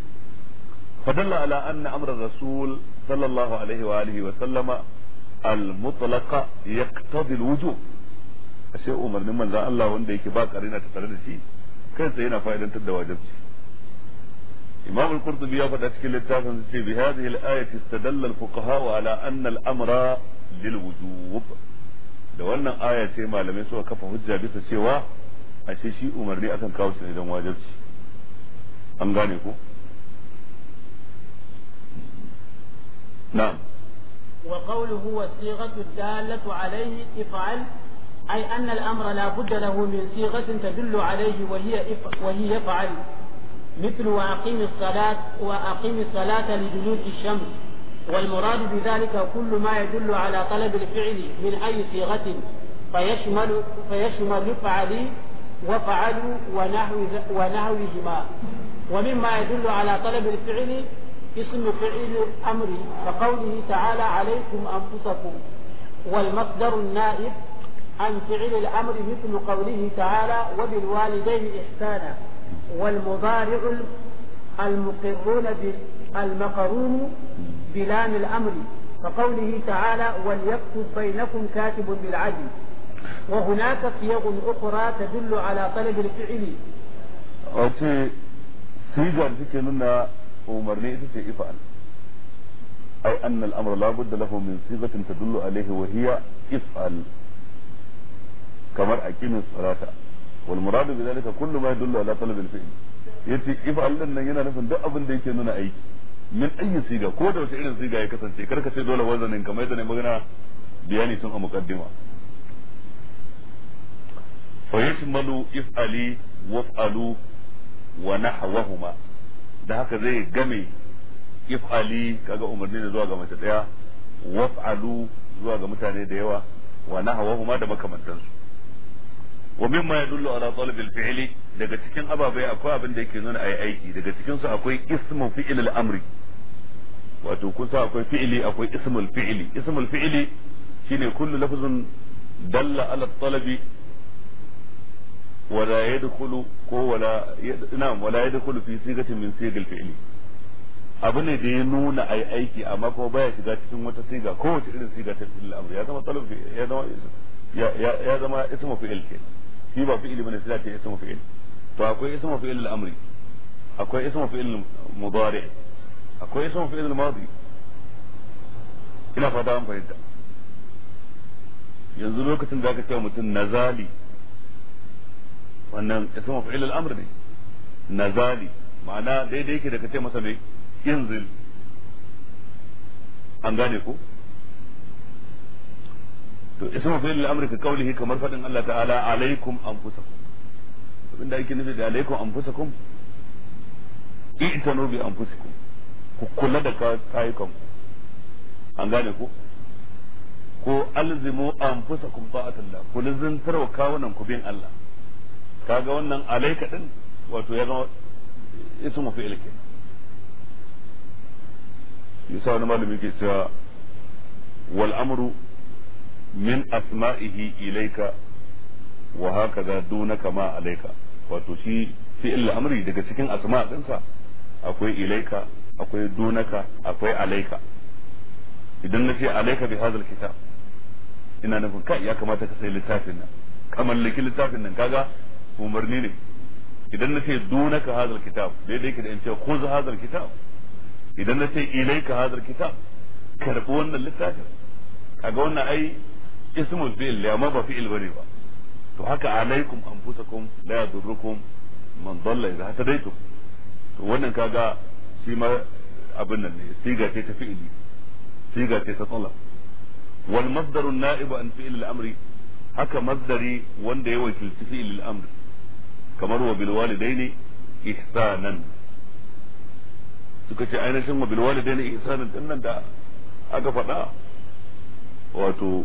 فدل على أن أمر الرسول صلى الله عليه وآله وسلم المطلق يقتضي الوجوب ashe umarnin manzan Allah wanda yake ba karina ta tare da shi kai sai yana fa'idantar da wajibci Imam al-Qurtubi ya faɗa cikin littafin sa ce bi hadhihi al-ayati ala da wannan aya ce malamai suka kafa hujja bisa cewa ashe shi umarni akan kawo shi ne don wajibci an gane ko na'am وقوله والصيغة الدالة عليه افعل أي أن الأمر لا بد له من صيغة تدل عليه وهي وهي افعل مثل وأقيم الصلاة وأقيم الصلاة لدلوك الشمس والمراد بذلك كل ما يدل على طلب الفعل من أي صيغة فيشمل فيشمل فعلي وفعلوا ونحو ونحوهما ومما يدل على طلب الفعل اسم فعل الأمر كقوله تعالى عليكم أنفسكم والمصدر النائب عن فعل الأمر مثل قوله تعالى وبالوالدين إحسانا والمضارع المقرون المقرون بلام الأمر فقوله تعالى وليكتب بينكم كاتب بالعدل وهناك صيغ أخرى تدل على طلب الفعل أوكي سيجا تكي لنا في إفعل أي أن الأمر لا بد له من صيغة تدل عليه وهي إفعل كما أكيم الصلاة والمراد بذلك كل ما يدل على طلب الفعل يتي إفعل لنا هنا نفن دعب ليك أننا أيكي min ayi siga ko da wace irin siga ya kasance karka ce dole wazanin kamar yadda ne magana bayani sun a muqaddima fa yashmalu if'ali waf'alu wa nahwahuma da haka zai game if'ali kaga umarni ne zuwa ga mace daya waf'alu zuwa ga mutane da yawa wa nahwahuma da makamantansu wa mimma yadullu ala talab al daga cikin ababai akwai abin da yake nuna ayi aiki daga cikin su akwai ismu fi'il al-amri wato kun sa akwai fi'ili akwai ismul fi'ili ismul fi'ili shine kullu lafzun dalla ala talabi wala yadkhulu ko wala na'am wala yadkhulu fi sigatin min sigal fi'li. abu ne da ya nuna ai aiki amma ko baya shiga cikin wata siga ko wace irin siga ta fi'il amr ya zama talab ya zama ya zama ismu fi'il ke shi ba fi'ili bane sai ta ismu fi'il to akwai ismu fi'il al-amri akwai ismu fi'il mudari' akwai ismu fi'il al-madi ina fata an fahimta yanzu lokacin da aka ce mutum nazali wannan ismu fi'il al-amr ne nazali ma'ana daidai yake da ka ce masa mai inzil an gane ko to ismu fi'il al-amr ka kaulihi kamar fadin Allah ta'ala alaikum anfusakum abinda yake nufi da alaikum anfusakum i'tanu bi anfusikum ku kula da kayukan an gane ku ko alzimu anfusakum ta'atallah ku lizintar wa kawunan ku bin Allah kaga wannan alaika din wato ya zama ismu fi'il ke yasa wani malumi ke cewa wal amru min asma'ihi ilaika wa hakaza dunaka ma alaika wato shi fi'il amri daga cikin asma'a dinsa akwai ilaika akwai dunaka akwai alaika idan na ce alaika bi hadal kitab ina nufin kai ya kamata ka sai littafin nan ka mallaki littafin nan kaga umarni ne idan na ce dunaka hadal kitab daidai ka da in ce khuz hadal kitab idan na ce ilaika hadal kitab karbi wannan littafin kaga wannan ai ismul fi'l ya ma ba fi'l bane ba to haka alaikum anfusakum la yadurrukum man dalla idha hadaytum to wannan kaga shi ma abin nan ne siga ce ta fi'ili siga ce ta talab wal masdarun na'ibu an fi'il al-amri haka masdari wanda ya wakilci fi'il al-amri kamar wa bil walidaini ihsanan suka ce ainihin wa bil walidaini ihsanan din nan da aka faɗa wato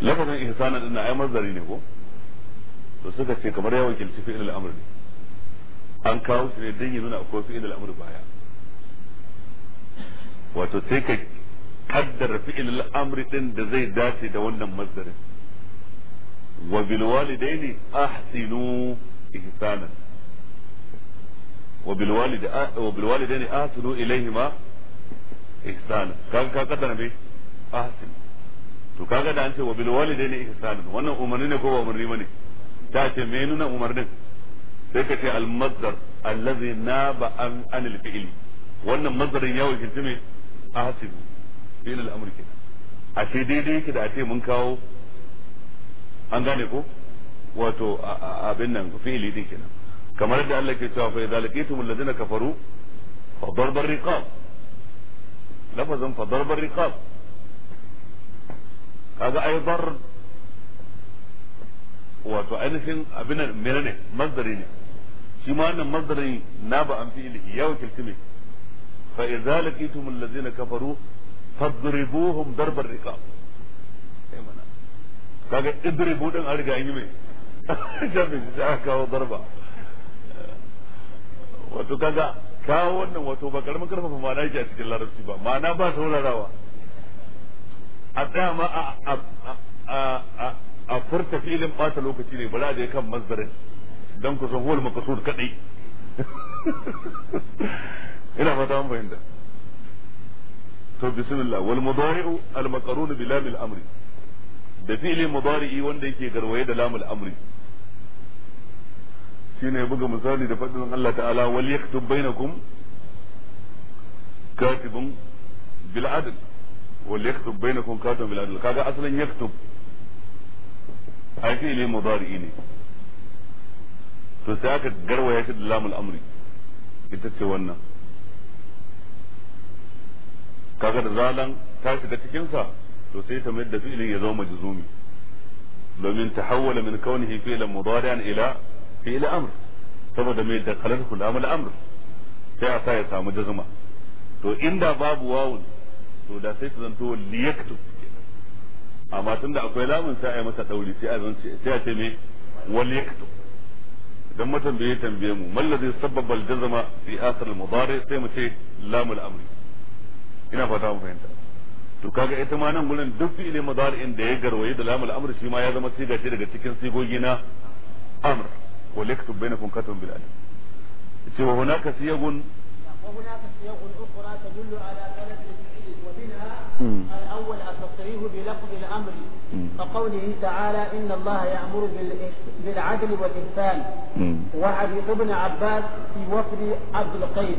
lafazin ihsanan din na ai masdari ne ko to suka ce kamar ya wakilci fi'il al'amr ne an kawo shi ne dan ya nuna akwai fi'il al'amr baya wato sai ka kaddara fi'il al'amr din da zai dace da wannan masdarin wa bil walidaini ahsinu ihsanan wa bil walidi wa bil walidaini ahsinu ilayhima ihsanan kaga ka kaddara me ahsin to kaga da an ce wa bil walidaini ihsanan wannan umarni ne ko ba umarni bane ne ta ce me nuna umarnin sai ka ce almazdar allazi an anil fi'li wannan mazdarin ya wakilci me fi'l al-amr daidai yake da a ce mun kawo an gane ko wato abin nan fi'li din kenan kamar da Allah ke cewa fa idza laqitum alladhina kafaru fa darbar riqab lafazan fa darbar riqab kaga wato ainihin abin nan menene masdari ne shi ma wannan masdari na ba an fi ilhi ya wakilci ne fa idza laqitum allazina kafaru fadribuhum darbar riqab sai mana kaga idribu din an riga an yi mai jami'i da aka kawo darba wato kaga kawo wannan wato ba karamin karfafa ma'ana yake a cikin larabci ba ma'ana ba saurarawa a tsaya ma a a furta filin bata lokaci ne bala da ya kan mazbarin don ku san huwal makasud kadai ina fata mun fahimta to bismillah wal mudari'u al maqrun bi lam al amri da fi'li mudari'i wanda yake garwaye da lam al amri shine ya buga misali da fadin Allah ta'ala wal yaktub bainakum katibun bil adl wal yaktub bainakum katibun bil adl kaga asalin yaktub ai ne mudari ne to sai aka garwaya shi da lamul amri ita ce wannan kaga da zalan ta shiga cikin sa to sai ta mai da fi'ilin ya zama majzumi domin ta tahawwala min kaunihi fi'lan mudari'an ila fi'il amr saboda mai da kalalahu lamul amr sai a sa ya samu jazma to inda babu wawun to da sai ta zanto liyaktub amma tunda akwai lamun sai a masa dauri sai a zance sai a ce me wal yaktub idan matambaye tambaye mu mal ladhi sabbaba al jazma fi akhir al mudari sai mu ce lamul amri ina fata mu fahimta to kaga ita ma nan gurin duk fi'ili mudari'in da ya garwaye da lamul amri shi ma ya zama siga ce daga cikin sigogi na amr wal yaktub bainakum katun bil alif ce wa hunaka siyagun wa hunaka siyagun ukhra tadullu ala talab الأول التصريح بلفظ الأمر كقوله تعالى إن الله يأمر بالعدل والإحسان وحديث ابن عباس في وفد عبد القيس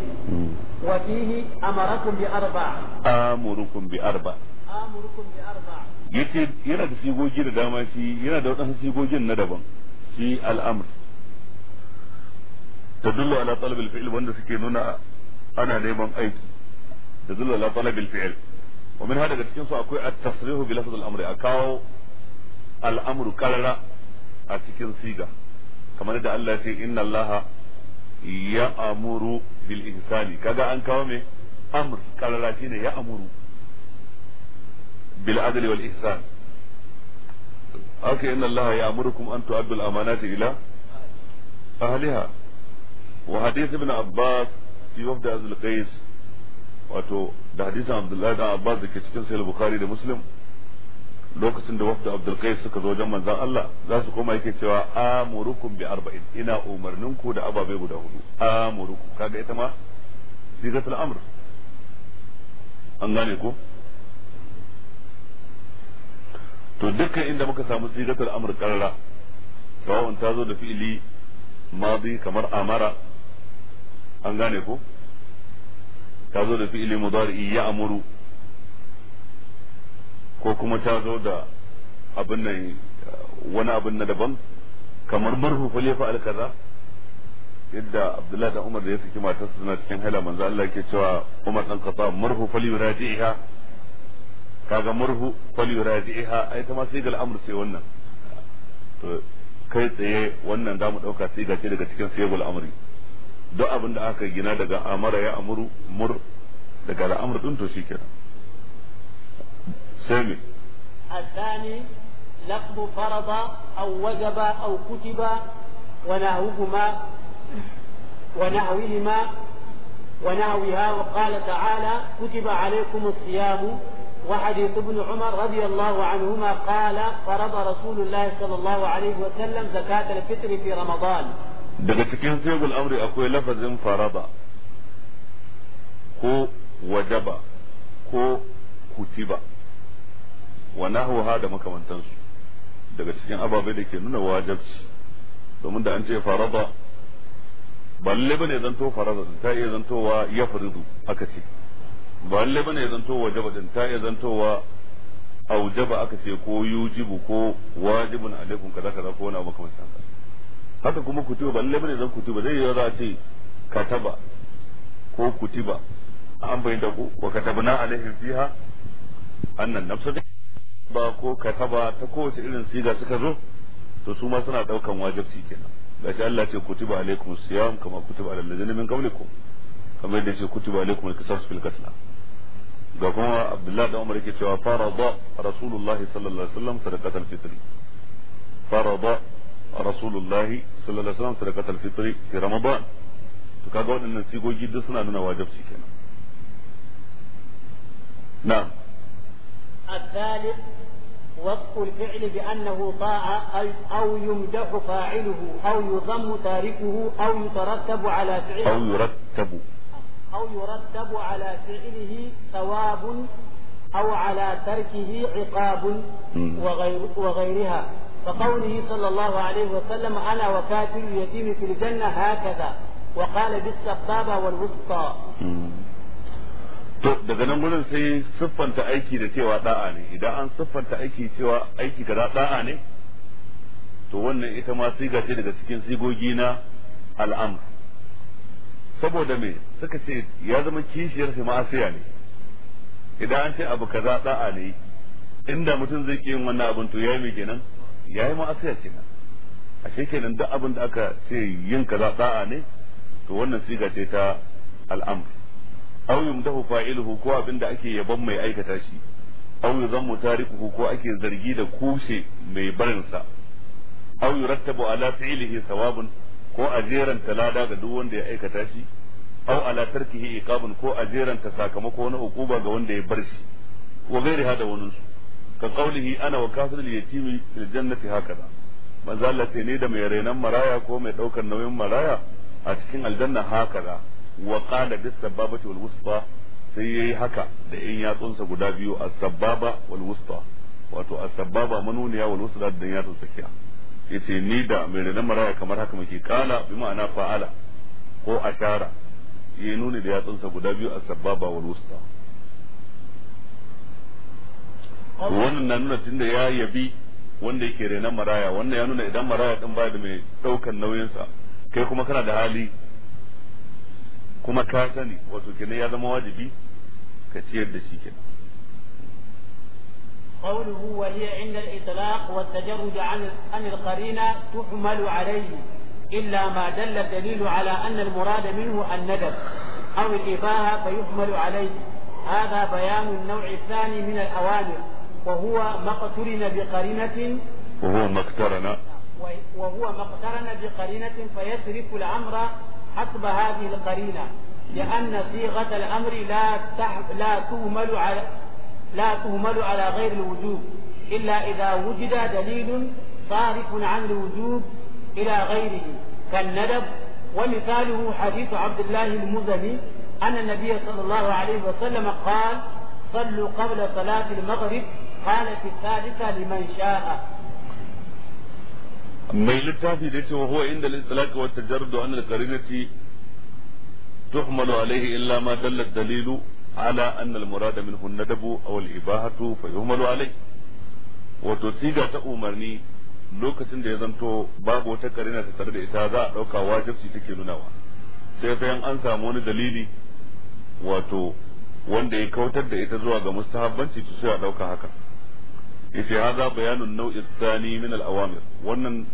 وفيه أمركم بأربع آمركم بأربع آمركم بأربع yace yana da sigogi da dama shi yana da wadansu sigogin na daban shi al'amr tadullu ala talab al-fi'l wanda suke nuna ana neman ala wa ha daga cikin su akwai at-tasrihu bi a kawo al-amru a cikin siga kamar da Allah ya ce inna bil ihsani kaga an kawo me amr qarara shine ya'muru bil adli wal ihsan aka inna Allah ya'murukum an ila wa hadith wato da hadisin abdullahi da abbas da ke cikin sahih bukhari da muslim lokacin da wafda abdul qais suka zo wajen manzon Allah za su koma yake cewa amurukum bi arba'in ina umarnin ku da ababe guda hudu amurukum kaga ita ma sigatul amr an gane ko to dukkan inda muka samu sigatul amr karara sawa'un ta zo da fi'ili madi kamar amara an gane ko ta zo da fi'ili mudari'i ya amuru ko kuma ta zo da abin nan wani abin na daban kamar marhu fa lefa al kaza yadda abdullahi da umar da ya saki matarsa suna cikin haila manzo Allah ke cewa umar dan kafa marhu fa liyuraji'iha kaga marhu fa liyuraji'iha ai ta ma sai gal amr sai wannan to kai tsaye wannan zamu dauka sai ga daga cikin sayyidul amri duk abin da aka gina daga amara ya amuru mur daga al'amur din to shikenan sai me الثاني لفظ فرض أو وجب أو كتب ونحوهما ونحوهما ونحوها وقال تعالى كتب عليكم الصيام وحديث ابن عمر رضي الله عنهما قال فرض رسول الله صلى الله عليه وسلم زكاة الفطر في رمضان daga cikin sigul amri akwai lafazin faraba ko wajaba ko kutiba wa nahwaha da makamantansu daga cikin ababai da ke nuna wajabci domin da an ce faraba balle bane zanto faraba ta iya zantowa ya faridu aka ce balle bane zanto wajaba din ta iya zantowa aujaba aka ce ko yujibu ko wajibun alaikum kaza kaza ko na abu makamantan haka haka kuma kutuba ba lalle bane zan kutuba zai yi za a ce kataba ko kutuba. an bayyana ku wa katabna alaihim fiha annan nafsa ba ko kataba ta kowace irin siga suka zo to su ma suna daukan wajibi kenan gashi Allah ce kutuba alaikum siyam kama kutuba alal ladzina min qablikum kamar yadda ce kutiba alaikum alqisas fil qatl ga kuma Abdullahi da Umar yake cewa farada Rasulullah sallallahu alaihi wasallam sadaqatul fitri farada رسول الله صلى الله عليه وسلم sadaqatul الفطر في رمضان to kaga waɗannan sigogi duk suna nuna wajibci kenan الثالث وصف الفعل بأنه طاعة أو يمدح فاعله أو يضم تاركه أو يترتب على فعله أو يرتب أو يرتب على فعله ثواب أو على تركه عقاب وغير وغيرها فقوله صلى الله عليه وسلم أنا وكاتب اليتيم في الجنة هكذا وقال بالسبابة والوسطى to daga nan gurin sai siffanta aiki da cewa da'a ne idan an siffanta aiki cewa aiki kaza da'a ne to wannan ita ma siga ce daga cikin sigogi na al'amr saboda me suka ce ya zama kishiyar ma'asiya ne idan an ce abu kaza da'a ne inda mutum zai ke yin wannan abin to ya yi mai kenan yayi ma'asiya kenan a kenan duk abin da aka ce yin kaza da'a ne to wannan siga ce ta al'amr aw yumdahu fa'iluhu ko abin da ake yaban mai aikata shi aw mu tarikuhu ko ake zargi da kushe mai barin sa aw yurattabu ala fi'lihi sawabun ko a jeran lada ga duk wanda ya aikata shi aw ala tarkihi iqabun ko a ta sakamako na ukuba ga wanda ya bar shi wa gairi hada wani su ka kaulihi ana wa kafirul yatimi fil jannati hakaza manzo Allah sai ne da mai renan maraya ko mai daukar nauyin maraya a cikin aljanna hakaza wa qala bis sababati wal wusta sai yayi haka da in yatsunsa guda biyu as-sababa wal wusta wato as-sababa manuniya wal wusta da yatsun tsakiya yace ni da mai renan maraya kamar haka muke kala bi ma'ana fa'ala ko ashara yayi nuni da yatsunsa guda biyu as-sababa wal wusta wannan na nuna tunda ya yabi wanda yake renon maraya wannan ya nuna idan maraya din ba da mai daukan nauyinsa kai kuma kana da hali kuma ka sani wato kenan ya zama wajibi ka ciyar da shi kenan قوله وهي عند الإطلاق والتجرد عن عن القرينة تحمل عليه إلا ما دل الدليل على أن المراد منه الندب أو الإباحة فيحمل عليه هذا بيان النوع الثاني من الأوامر وهو ما اقترن بقرينة وهو ما اقترن وهو ما اقترن بقرينة فيصرف الأمر حسب هذه القرينة لأن صيغة الأمر لا تح... لا تهمل على لا تهمل على غير الوجوب إلا إذا وجد دليل صارف عن الوجوب إلى غيره كالندب ومثاله حديث عبد الله المزني أن النبي صلى الله عليه وسلم قال صلوا قبل صلاة المغرب قال الثالثة لمن شاء mai littafi da ce huwa inda al-istilaq wa tajarrud an al-qarinati tuhmalu alaihi illa ma dalla dalilu ala anna al-murada minhu an-nadabu aw al-ibahatu fa yuhmalu wato siga ta umarni lokacin da ya zanto babu wata karina ta tare da ita za a dauka wajibci take nunawa sai bayan an samu wani dalili wato wanda ya kautar da ita zuwa ga mustahabbanci to sai a dauka haka yace haza bayanun nau'i tsani min al-awamir wannan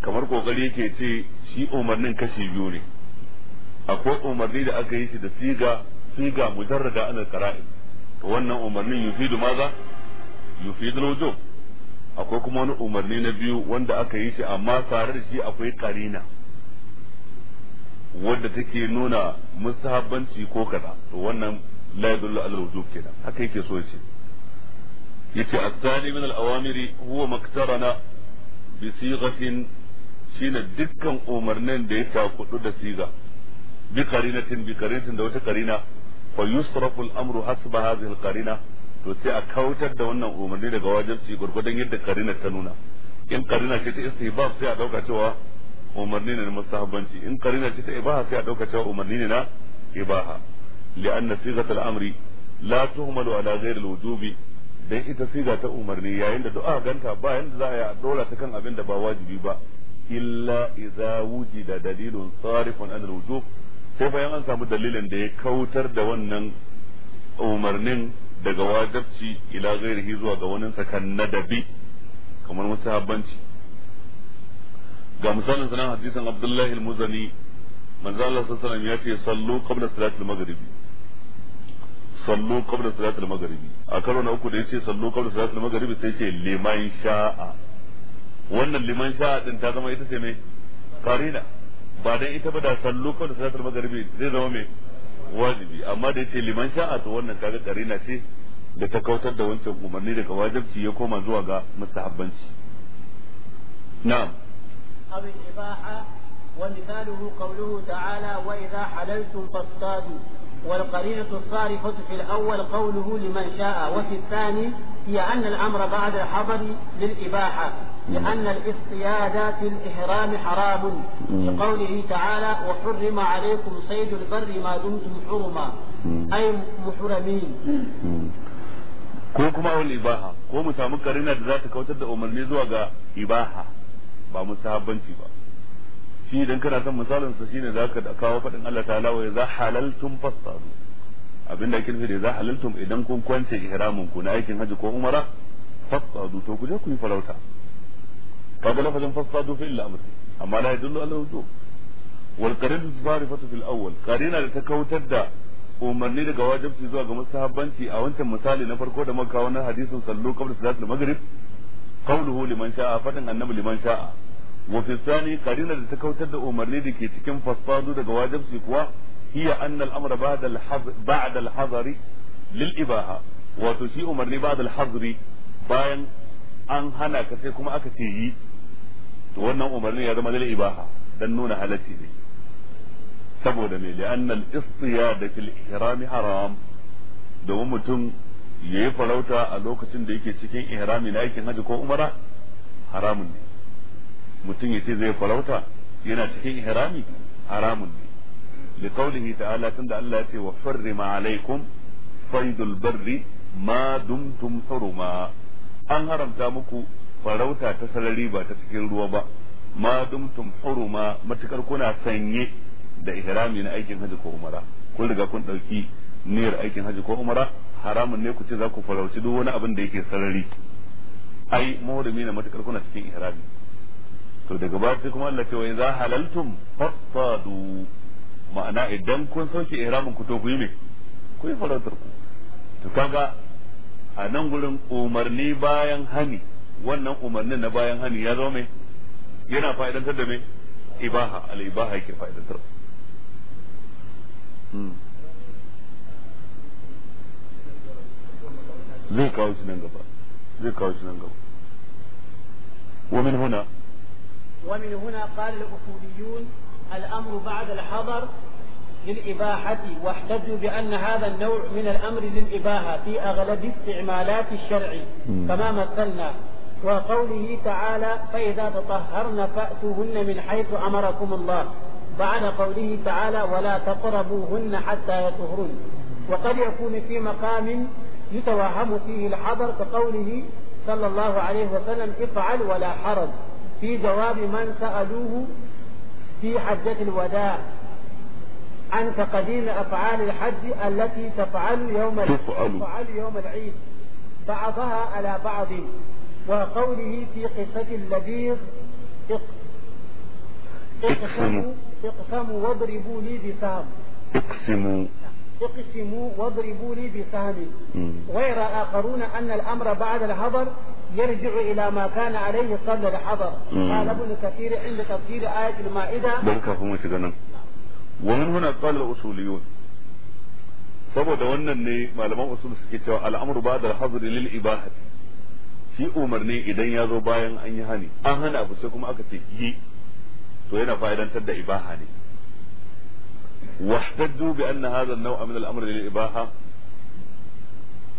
kamar kokari yake ce shi umarnin kashi biyu ne akwai umarni da aka yi shi da siga siga mujarrada an al qarai to wannan umarnin yufidu maza yufidu al-wujub akwai kuma wani umarni na biyu wanda aka yi shi amma tare da shi akwai karina wadda take nuna mustahabbanci ko kaza to wannan la yadullu al-wujub kenan haka yake so ya ce yace الثاني من الأوامر هو ما اقترن بصيغة shine dukkan umarnin da ya takudu da siga bi karinatin bi karinatin da wata karina fa yusrafu al-amru hasba hadhihi al-karina to sai a kautar da wannan umarni daga wajibci gurgudan yadda karina ta nuna in karina ce ta istihbab sai a dauka cewa umarni ne na mustahabbanci in karina ce ta ibaha sai a dauka cewa umarni ne na ibaha li'anna sighat al-amri la tuhmalu ala ghayr al-wujubi dan ita sai siga ta umarni yayin da du'a ganta ba yanda za a yi a dora ta kan abin da ba wajibi ba illa idza wujida dalilun sarifun an al-wujub sai bayan an samu dalilin da ya kautar da wannan umarnin daga wajibci ila ghairihi zuwa ga wani sakan nadabi kamar musahabbanci ga misalin sanan hadisin Abdullahi al-Muzani manzo Allah sallallahu alaihi wasallam ya ce sallu qabla salatil maghribi sallo kabla salatul maghribi a karo na uku da yace sallo kabla salatul maghribi sai ce liman sha'a wannan liman sha'a din ta zama ita ce me qarina ba dan ita ba da sallo kabla salatul maghribi zai zama me wajibi amma da yace liman sha'a to wannan kaga karina ce da ta kautar da wancan umarni daga wajibci ya koma zuwa ga mustahabbanci na'am abin ibaha qawluhu ta'ala wa وإذا halaltum فاصطادوا والقرينة الصارفة في الأول قوله لمن شاء وفي الثاني هي أن الأمر بعد الحضر للإباحة لأن الاصطياد في الإحرام حرام لقوله تعالى وحرم عليكم صيد البر ما دمتم حرما أي محرمين ko kuma wal ibaha ko mu samu karina da za ta kautar da umarni zuwa ga ibaha ba musabbanci ba shi idan kana son misalin sa shine zaka da kawo fadin Allah ta'ala wa idza halaltum fasadu abinda ake nufi da idza halaltum idan kun kwance ihramin ku na aikin haji ko umara fasadu to ku je ku yi farauta kaga lafazin fasadu fi illa amr amma la yadullu ala wujub wal qarinatu zarifatu fil awwal qarina da ta kautar da umarni daga wajibci zuwa ga mustahabbanci a wancan misali na farko da muka kawo na hadisin sallu qabla salatul maghrib qawluhu liman sha'a fadin annabi liman sha'a wa fi tsani da ta kautar da umarni da ke cikin fasfadu daga wajibci kuwa hiya anna al-amra ba'da al-hazari lil ibaha wato shi umarni ba'da al-hazri bayan an hana ka kuma aka ce yi wannan umarni ya zama lil ibaha dan nuna halatti ne saboda me li'anna al da fil ihrami haram domin mutum yayi farauta a lokacin da yake cikin ihrami na aikin haji ko umara haramun ne mutum ya ce zai farauta yana cikin ihrami haramun ne liqaulihi ta'ala tunda Allah ya ce wa farrima alaikum faydul barri ma dumtum huruma an haramta muku farauta ta sarari ba ta cikin ruwa ba ma dumtum huruma matukar kuna sanye da ihrami na aikin haji ko umara kun riga kun dauki niyyar aikin haji ko umara haramun ne ku ce za ku farauci duk wani abin da yake sarari ai mawrumi na matukar kuna cikin ihrami to daga ba sai kuma Allah ce wai za halaltum fasadu ma'ana idan kun sauke ihramin ku to ku yi me ku yi farautar ku to kaga a nan gurin umarni bayan hani wannan umarnin na bayan hani ya zama me yana fa'idantar da me ibaha al ibaha yake fa'idantar hmm. zai kawo shi nan gaba zai kawo shi nan gaba ومن هنا huna ومن هنا قال الأصوليون الأمر بعد الحظر للإباحة واحتجوا بأن هذا النوع من الأمر للإباحة في أغلب استعمالات الشرع كما مثلنا وقوله تعالى فإذا تطهرن فأتوهن من حيث أمركم الله بعد قوله تعالى ولا تقربوهن حتى يطهرن وقد يكون في مقام يتوهم فيه الحضر كقوله صلى الله عليه وسلم افعل ولا حرج في جواب من سألوه في حجة الوداع عن تقديم أفعال الحج التي تفعل يوم تفعل يوم العيد بعضها على بعض وقوله في قصة اللبيغ اقسموا اقسموا واضربوا لي بسام اقسموا اقسموا واضربوا لي بسهم غير آخرون أن الأمر بعد الحضر يرجع إلى ما كان عليه قبل الحضر قال ابن كثير عند تفسير آية المائدة ومن هنا قال الأصوليون saboda wannan ne malaman usul suke cewa al'amru ba da lil shi umarni idan ya zo bayan an yi hani an hana abu sai kuma aka ce yi to yana fa'idantar da ibaha ne واحتجوا بأن هذا النوع من الأمر للإباحة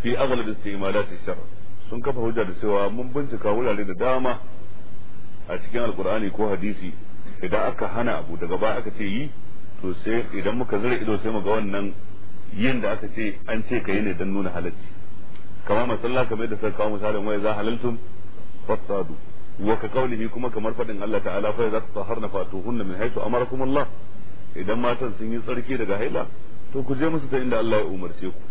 في أغلب استعمالات الشرع sun kafa hujja da cewa mun bincika wurare da dama a cikin alkur'ani ko hadisi idan aka hana abu daga baya aka ce yi to sai idan muka zira ido sai mu ga wannan yin da aka ce an ce ka yi ne don nuna halacci kama masalla kamar yadda sarka kawo misalin waya za halaltum fasadu wa ka kaulihi kuma kamar fadin Allah ta'ala fa za ta taharna fatuhunna min haythu amarakum Allah idan matan sun yi tsarki daga haila to ku je musu ta inda Allah ya umarce ku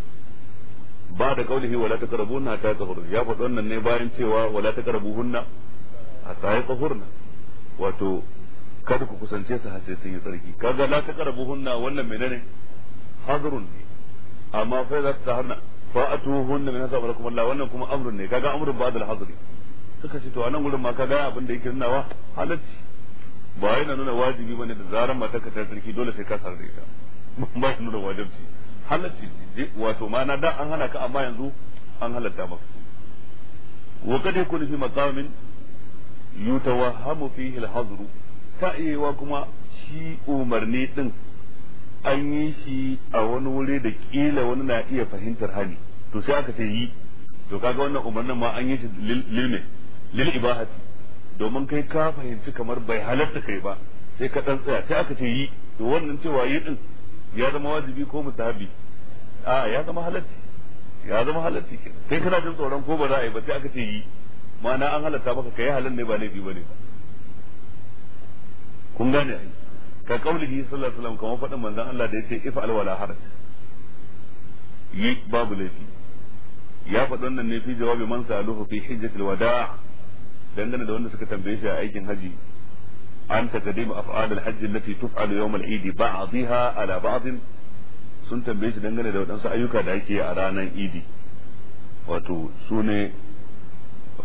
ba da kaulihi wala taqrabuna ta tahur ya faɗi wannan ne bayan cewa wala taqrabuhunna hatta yatahurna wato kada ku kusance su har sai sun yi tsarki kaga la taqrabuhunna wannan menene hadrun ne amma fa za ta harna fa atuhunna min hasa barakum Allah wannan kuma amrun ne kaga amrun ba'da da hadri suka ce to anan gurin ma kaga abin da yake nunawa halacci ba yana nuna wajibi bane da zaran mata ka ta sarki dole sai ka sar da ita ba yana nuna wajibci halatti wato ma na da an hana ka amma yanzu an halatta maka wa kad yakunu fi maqamin yutawahhamu fihi al yi wa kuma shi umarni din an yi shi a wani wuri da kila wani na iya fahimtar hali to sai aka ce yi to kaga wannan umarnin ma an yi shi lil lil ibahati domin kai ka fahimci kamar bai halatta kai ba sai ka dan tsaya sai aka ce yi to wannan cewa yi din ya zama wajibi ko musahabi a ya zama halatti ya zama halatti ke sai kana jin tsoron ko ba za a yi ba sai aka ce yi ma'ana an halatta maka kai halin ne ba laifi bane ba kun gane ai ka kaulihi sallallahu alaihi wasallam kamar faɗin manzon Allah da yace if alwala haraj yi babu laifi ya faɗi wannan ne fi jawabi man sa'aluhu fi hijjatil wada' dangane da wanda suka tambaye shi a aikin haji an taqdim af'al al-hajj allati tuf'alu yawm al-eid ba'dha ala ba'd sun tambaye shi dangane da wadansu ayyuka da ake a ranar idi wato sune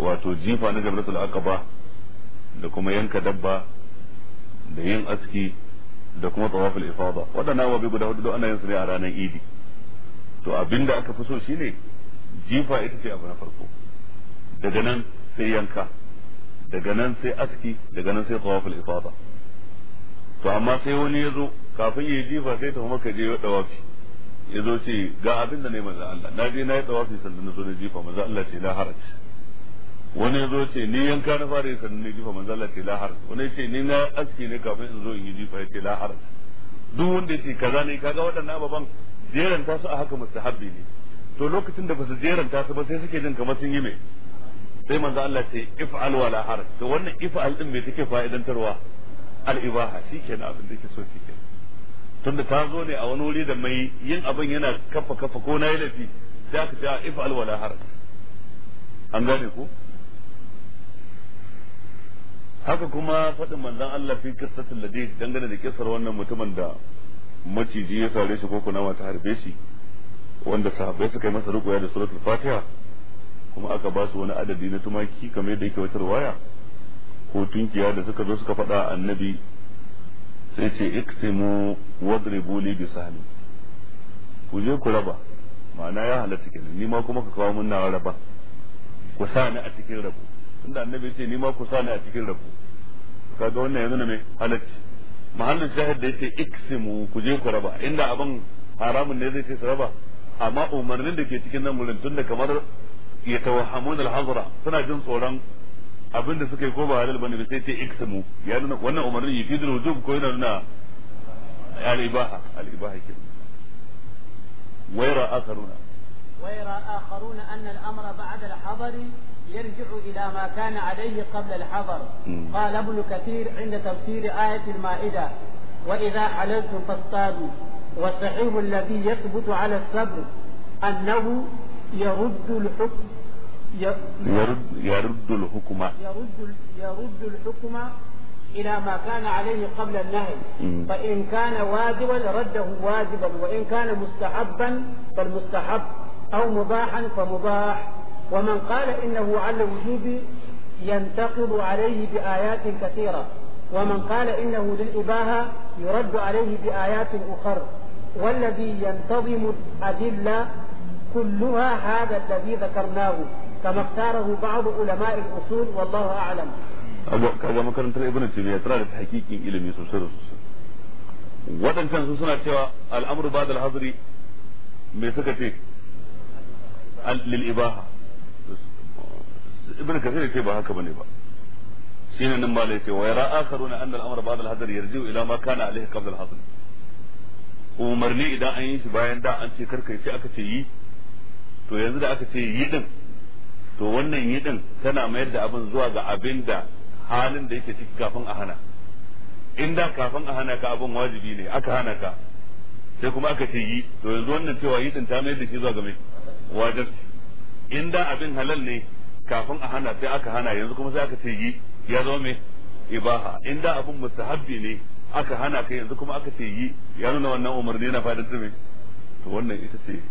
wato jifa na jamratul aqaba da kuma yanka dabba da yin aski da kuma tawaful ifada waɗannan wabi guda hudu ana yin su ne a ranar idi to abinda aka fi so shine jifa ita ce abu na farko daga nan sai yanka daga nan sai aski daga nan sai tawaful ifada to amma sai wani ya zo kafin ya yi jifa sai tafi maka je ya dawafi ya zo ce ga abin da ne manzo Allah na je na yi dawafi sannan na zo na jifa manzo Allah ce la haraj wani ya zo ce ni yanka na fara yi sannan na jifa manzo Allah ce la haraj wani ya ce ni na aski ne kafin in zo in yi jifa ya ce la haraj duk wanda ya ce kaza ne kaga waɗannan ababan jeranta su a haka mustahabbi ne to lokacin da ba su jeranta su ba sai suke jin kamar sun yi mai sai manzo Allah ce if'al wala haraj to wannan if'al din me take fa'idantarwa al-ibaha shikenan abin da yake so shikenan tunda ta zo ne a wani wuri da mai yin abin yana kafa kafa ko na yi sai aka ce if'al wala haraj an gane ko haka kuma faɗin manzon Allah fi kissatul ladid dangane da kisar wannan mutumin da maciji ya sare shi ko kunama ta harbe shi wanda sahabbai suka yi masa rukuya da suratul fatiha kuma aka ba su wani adadi na tumaki kamar yadda yake wata riwaya ko tunkiya da suka zo suka faɗa annabi sai ce iksimu wadribu li bisani ku je ku raba ma'ana ya halatta kenan ni ma kuma ka kawo mun na raba ku sa ni a cikin rabo tunda annabi ce ni ma ku sa ni a cikin rabo kaga wannan yanzu na mai halacci mahallin shahid da yace iksimu ku je ku raba inda abin haramun ne zai ce su raba amma umarnin da ke cikin nan murin tunda kamar يتوهمون الحضرة سنة جنس وران أبن سكي كوبا على البني بسيت إكتمو يعني وانا أمرني يفيد الوجوب كوينا لنا الإباحة الإباحة كده ويرى آخرون ويرى آخرون أن الأمر بعد الحضر يرجع إلى ما كان عليه قبل الحضر قال ابن كثير عند تفسير آية المائدة وإذا حللتم فاصطادوا والصحيح الذي يثبت على الصبر أنه يرد الحكم يرد يرد الحكم يرد يرد الحكم إلى ما كان عليه قبل النهي فإن كان واجبا رده واجبا وإن كان مستحبا فالمستحب أو مباحا فمباح ومن قال إنه على الوجوب ينتقض عليه بآيات كثيرة ومن قال إنه للإباحة يرد عليه بآيات أخرى والذي ينتظم الأدلة كلها هذا الذي ذكرناه كما اختاره بعض علماء الأصول والله أعلم kaga makarantar ibn taymiya tana da hakikin ilimi sosai da sosai waɗancan su suna cewa al'amru ba da hazri me suka ce lil ibaha ibn kathir ce ba haka bane ba shine nan malai ce wa yara akharuna anna al'amru ba da hazri yarji'u ila ma kana alayhi qabla al hazri umarni idan an yi shi bayan da an ce karkai sai aka ce yi to yanzu da aka ce yi din to wannan yi din tana mayar da abin zuwa ga abin da halin da yake ciki kafin a hana in da kafin a hana ka abin wajibi ne aka hana ka sai kuma aka ce yi to yanzu wannan cewa yi din ta mayar da shi zuwa ga mai wajibi in da abin halal ne kafin a hana sai aka hana yanzu kuma sai aka ce yi ya zama mai ibaha in da abin mustahabbi ne aka hana ka yanzu kuma aka ce yi ya nuna wannan umarni na fadin to wannan ita ce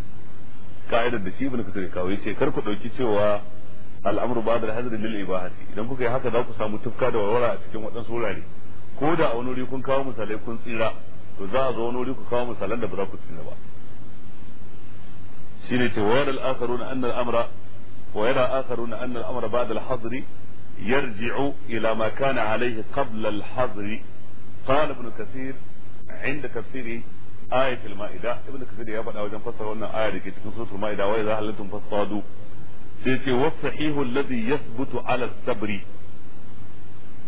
ka'idar da shi ibn kasir ya kawo yace kar ku dauki cewa al'amru ba da hadri lil ibahati idan kuka yi haka za ku samu tufka da warwara a cikin waɗansu wurare ko da a wani wuri kun kawo misalai kun tsira to za a zo wani wuri ku kawo misalan da ba za ku tsira ba shine ce wa yara na akharuna anna al-amra wa yara akharuna anna al-amra ba'da al-hadri yarji'u ila ma kana alayhi qabla al-hadri qala ibn kathir عند تفسيره ayatul ma'ida ibnu kasir ya faɗa wajen fassara wannan aya da ke cikin suratul ma'ida wa idza halatum fasadu sai ce was sahihu alladhi yathbutu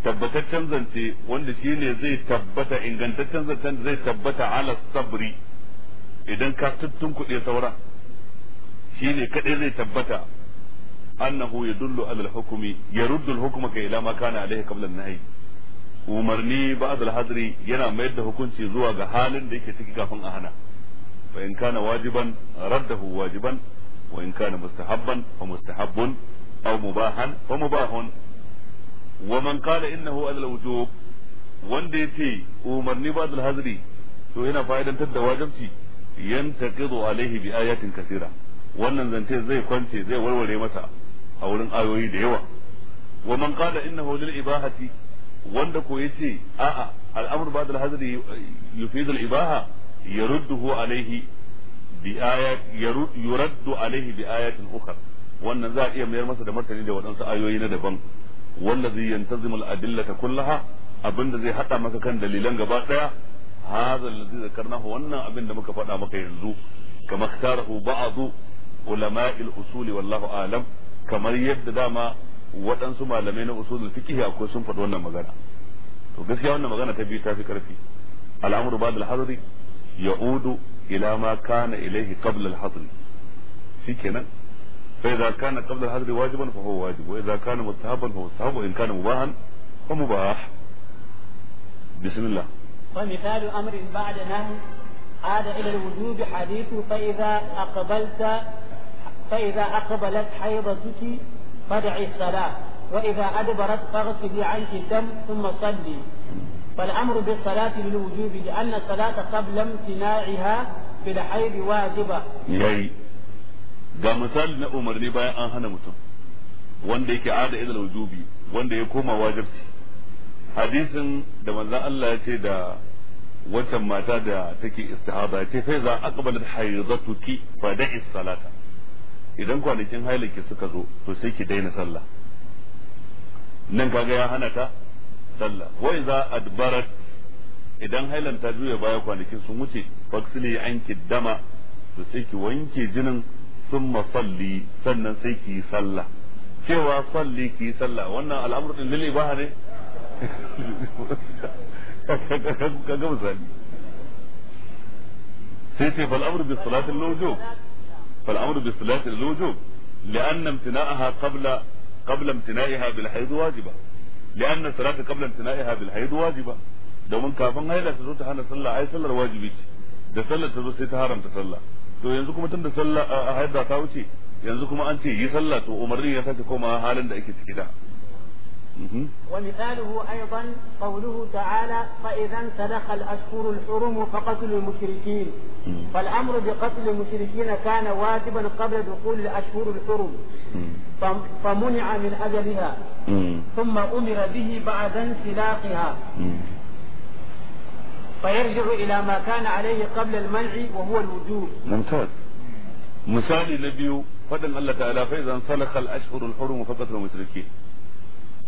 tabbataccen zance wanda shi ne zai tabbata ingantaccen zai tabbata ala sabri idan ka kuɗe sauran shi ne kaɗai zai tabbata annahu yadullu ala al-hukmi yaruddu al-hukma ka ila ma kana alayhi qabla an umarni ba'd al-hadri yana mayar da hukunci zuwa ga halin da yake ciki kafin a hana fa in kana wajiban raddahu wajiban wa in kana mustahabban fa mustahabbun aw mubahan fa mubahun wa man qala innahu al-wujub wanda yace umarni ba'd al-hadri to yana fa'idantar da wajibci yantaqidu alaihi bi ayatin kaseera wannan zance zai kwance zai warware masa a wurin ayoyi da yawa wa man qala innahu lil ibahati wanda ko yace a'a al'amr ba'd hazari hazr yufid al-ibaha yarudduhu alayhi bi ayat yuraddu alayhi bi ayatin ukar. wannan za a iya mayar masa da martani da waɗansu ayoyi na daban wallazi yantazimu al ta kullaha abinda zai haɗa maka kan dalilan gaba ɗaya. daya hadha alladhi zakarnahu wannan abin da muka faɗa maka yanzu kama ikhtarahu ba'd ulama'il usuli wallahu alam kamar yadda dama waɗansu malamai na usulul fiqh akwai sun faɗi wannan magana to gaskiya wannan magana ta biyu ta fi karfi al'amru ba'd al-hadri ya'udu ila ma kana ilayhi qabla al-hadri shikenan fa idza kana qabla al-hadri wajiban fa huwa wajib wa idza kana mustahaban fa mustahabu in kana mubahan fa mubah bismillah ومثال أمر بعد نهي عاد إلى الوجوب حديث فإذا أقبلت فإذا أقبلت حيضتك فدعي الصلاة وإذا أدبرت فاغسلي عنك الدم ثم صلي فالأمر بالصلاة للوجوب لأن الصلاة قبل امتناعها بالحيض واجبة ياي ga misali na umarni bayan an hana mutum wanda yake ada idal wujubi wanda ya koma wajibci hadisin da maza Allah ya ce da wata mata da take istihada ce sai za aqbalat haydatuki fa da'i salata idan kwanakin hailaki suka zo to sai ki daina sallah nan kaga ya hana ta sallah wa idza adbarat idan hailan ta juya baya kwanakin sun wuce faksili an dama to sai ki wanke jinin summa salli sannan sai ki sallah cewa salli ki sallah wannan al'amur din lili ba ne kaga misali sai ce fal'amur amru bis salatil فالامر بالصلاه للوجوب لان امتناعها قبل قبل امتنائها بالحيض واجبه لان الصلاه قبل امتنائها بالحيض واجبه domin kafin haila ta zo ta hana sallah ai sallar wajibi ce da sallar ta zo sai ta haramta sallah to yanzu kuma tunda sallah a haida ta wuce yanzu kuma an ce yi sallah to umarni ya sake komawa halin da ake ciki da ومثاله أيضا قوله تعالى فإذا انسلخ الأشهر الحرم فقتلوا المشركين فالأمر بقتل المشركين كان واجبا قبل دخول الأشهر الحرم فمنع من أجلها ثم أمر به بعد انسلاخها فيرجع إلى ما كان عليه قبل المنع وهو الوجوب ممتاز مثال نبي فدن الله تعالى فإذا انسلخ الأشهر الحرم فقتلوا المشركين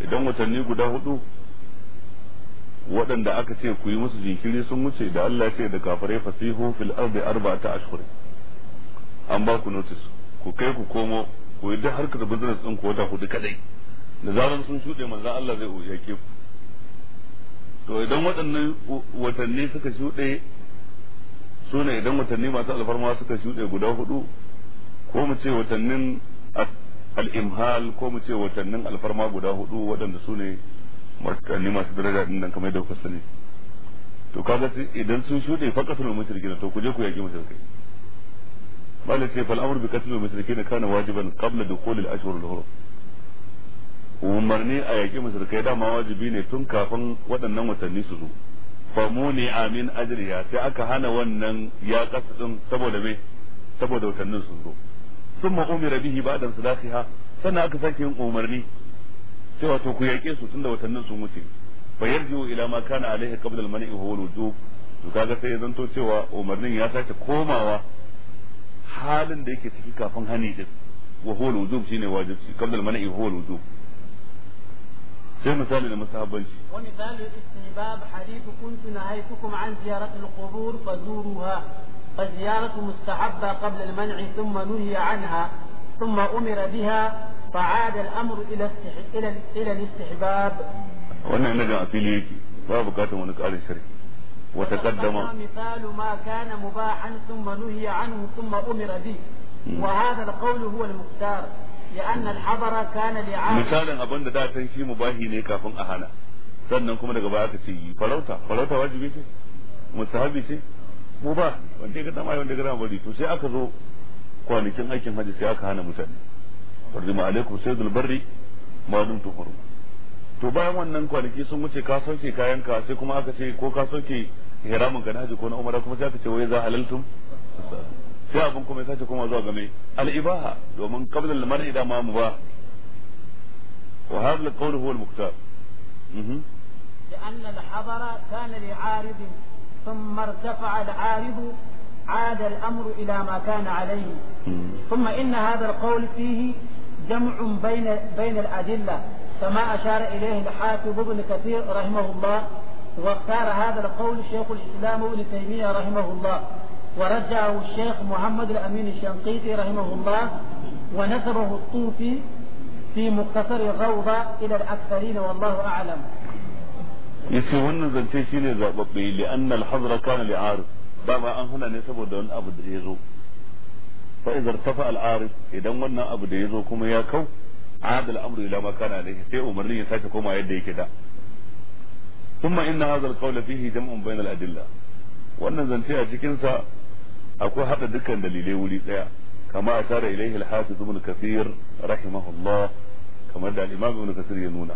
idan watanni guda hudu waɗanda aka ce ku yi musu jinkiri sun wuce da Allah ce da kafirai fasihu fil ardi arba'ata ashhur an ba ku notice ku kai ku komo ku yi duk harkar business din ku wata hudu kadai da zaran sun shuɗe manzo Allah zai ke ku to idan waɗannan watanni suka shuɗe su ne idan watanni masu alfarma suka shuɗe guda hudu ko mu ce watannin Al'imhal ko mu ce watannin alfarma guda hudu waɗanda su ne martani masu daraja din nan kamar da sani to kaga idan sun shuɗe faqatul mushrikin to ku je ku yaki mushrikai bala ce fal amru bi qatlil mushrikin kana wajiban kabla da al-ashhur al-hurum umarni a yaki mushrikai dama wajibi ne tun kafin waɗannan watanni su zo famuni amin ajriya sai aka hana wannan ya kasu din saboda me saboda watannin sun zo thumma umira bihi ba'da sadaqiha sannan aka sake yin umarni cewa to ku yake su tunda watannin sun wuce fa yarji'u ila ma kana alaihi qabla al-man'i huwa al-wujub to kaga sai ya zanto cewa umarnin ya sake komawa halin da yake ciki kafin hani din wa huwa wujub shine wajibi qabla al-man'i huwa al-wujub sai misali da musahabbanci wa misalu istibab hadithu kuntu nahaytukum an ziyarati al-qubur fazuruha فالزيارة مستحبة قبل المنع ثم نهي عنها ثم أمر بها فعاد الأمر إلى السح... إلى إلى الاستحباب. وأنا نجا في babu bukatar wani ƙarin shari'a wata kaddama misalu ma kana mubahan thumma nuhiya anhu thumma umira bi wa huwa لأن الحضر كان لعام مثالا أبن دا تنشي مباهي ne kafin a hana sannan kuma daga baya ka ce farauta ce ce mu ba wanda ya ga dama wanda ya ga dama bari to sai aka zo kwanakin aikin hajji sai aka hana mutane ma alaikum sayyidul barri ma dum tuhur to bayan wannan kwanaki sun wuce ka sauke kayan ka sai kuma aka ce ko ka sauke hiramin ka na hajji ko na umara kuma sai aka ce wai za halaltum sai abin kuma ya sace kuma zuwa ga mai al-ibaha domin qabla al-mar'i da ma mubah wa hadha al-qawl huwa al-muqtar mhm. لأن الحضر كان لعارض ثم ارتفع العارض عاد الأمر إلى ما كان عليه ثم إن هذا القول فيه جمع بين بين الأدلة كما أشار إليه الحافظ ابن كثير رحمه الله واختار هذا القول شيخ الإسلام ابن تيمية رحمه الله ورجعه الشيخ محمد الأمين الشنقيطي رحمه الله ونسبه الطوفي في مختصر الروضة إلى الأكثرين والله أعلم yace wannan zance shine zababbe li anna al-hazra kana li'arif dama an hana ne saboda wani abu da ya zo fa idza irtafa idan wannan abu da ya zo kuma ya kau عاد الامر الى ما كان عليه sai umarni ya sake koma yadda yake da kuma inna hadha alqawla fihi jam'un bayna al-adilla wannan zance a cikinsa akwai hada dukkan dalilai wuri daya kama ashara ilayhi al-hafiz ibn kathir rahimahullah kamar da al-imam ibn ya nuna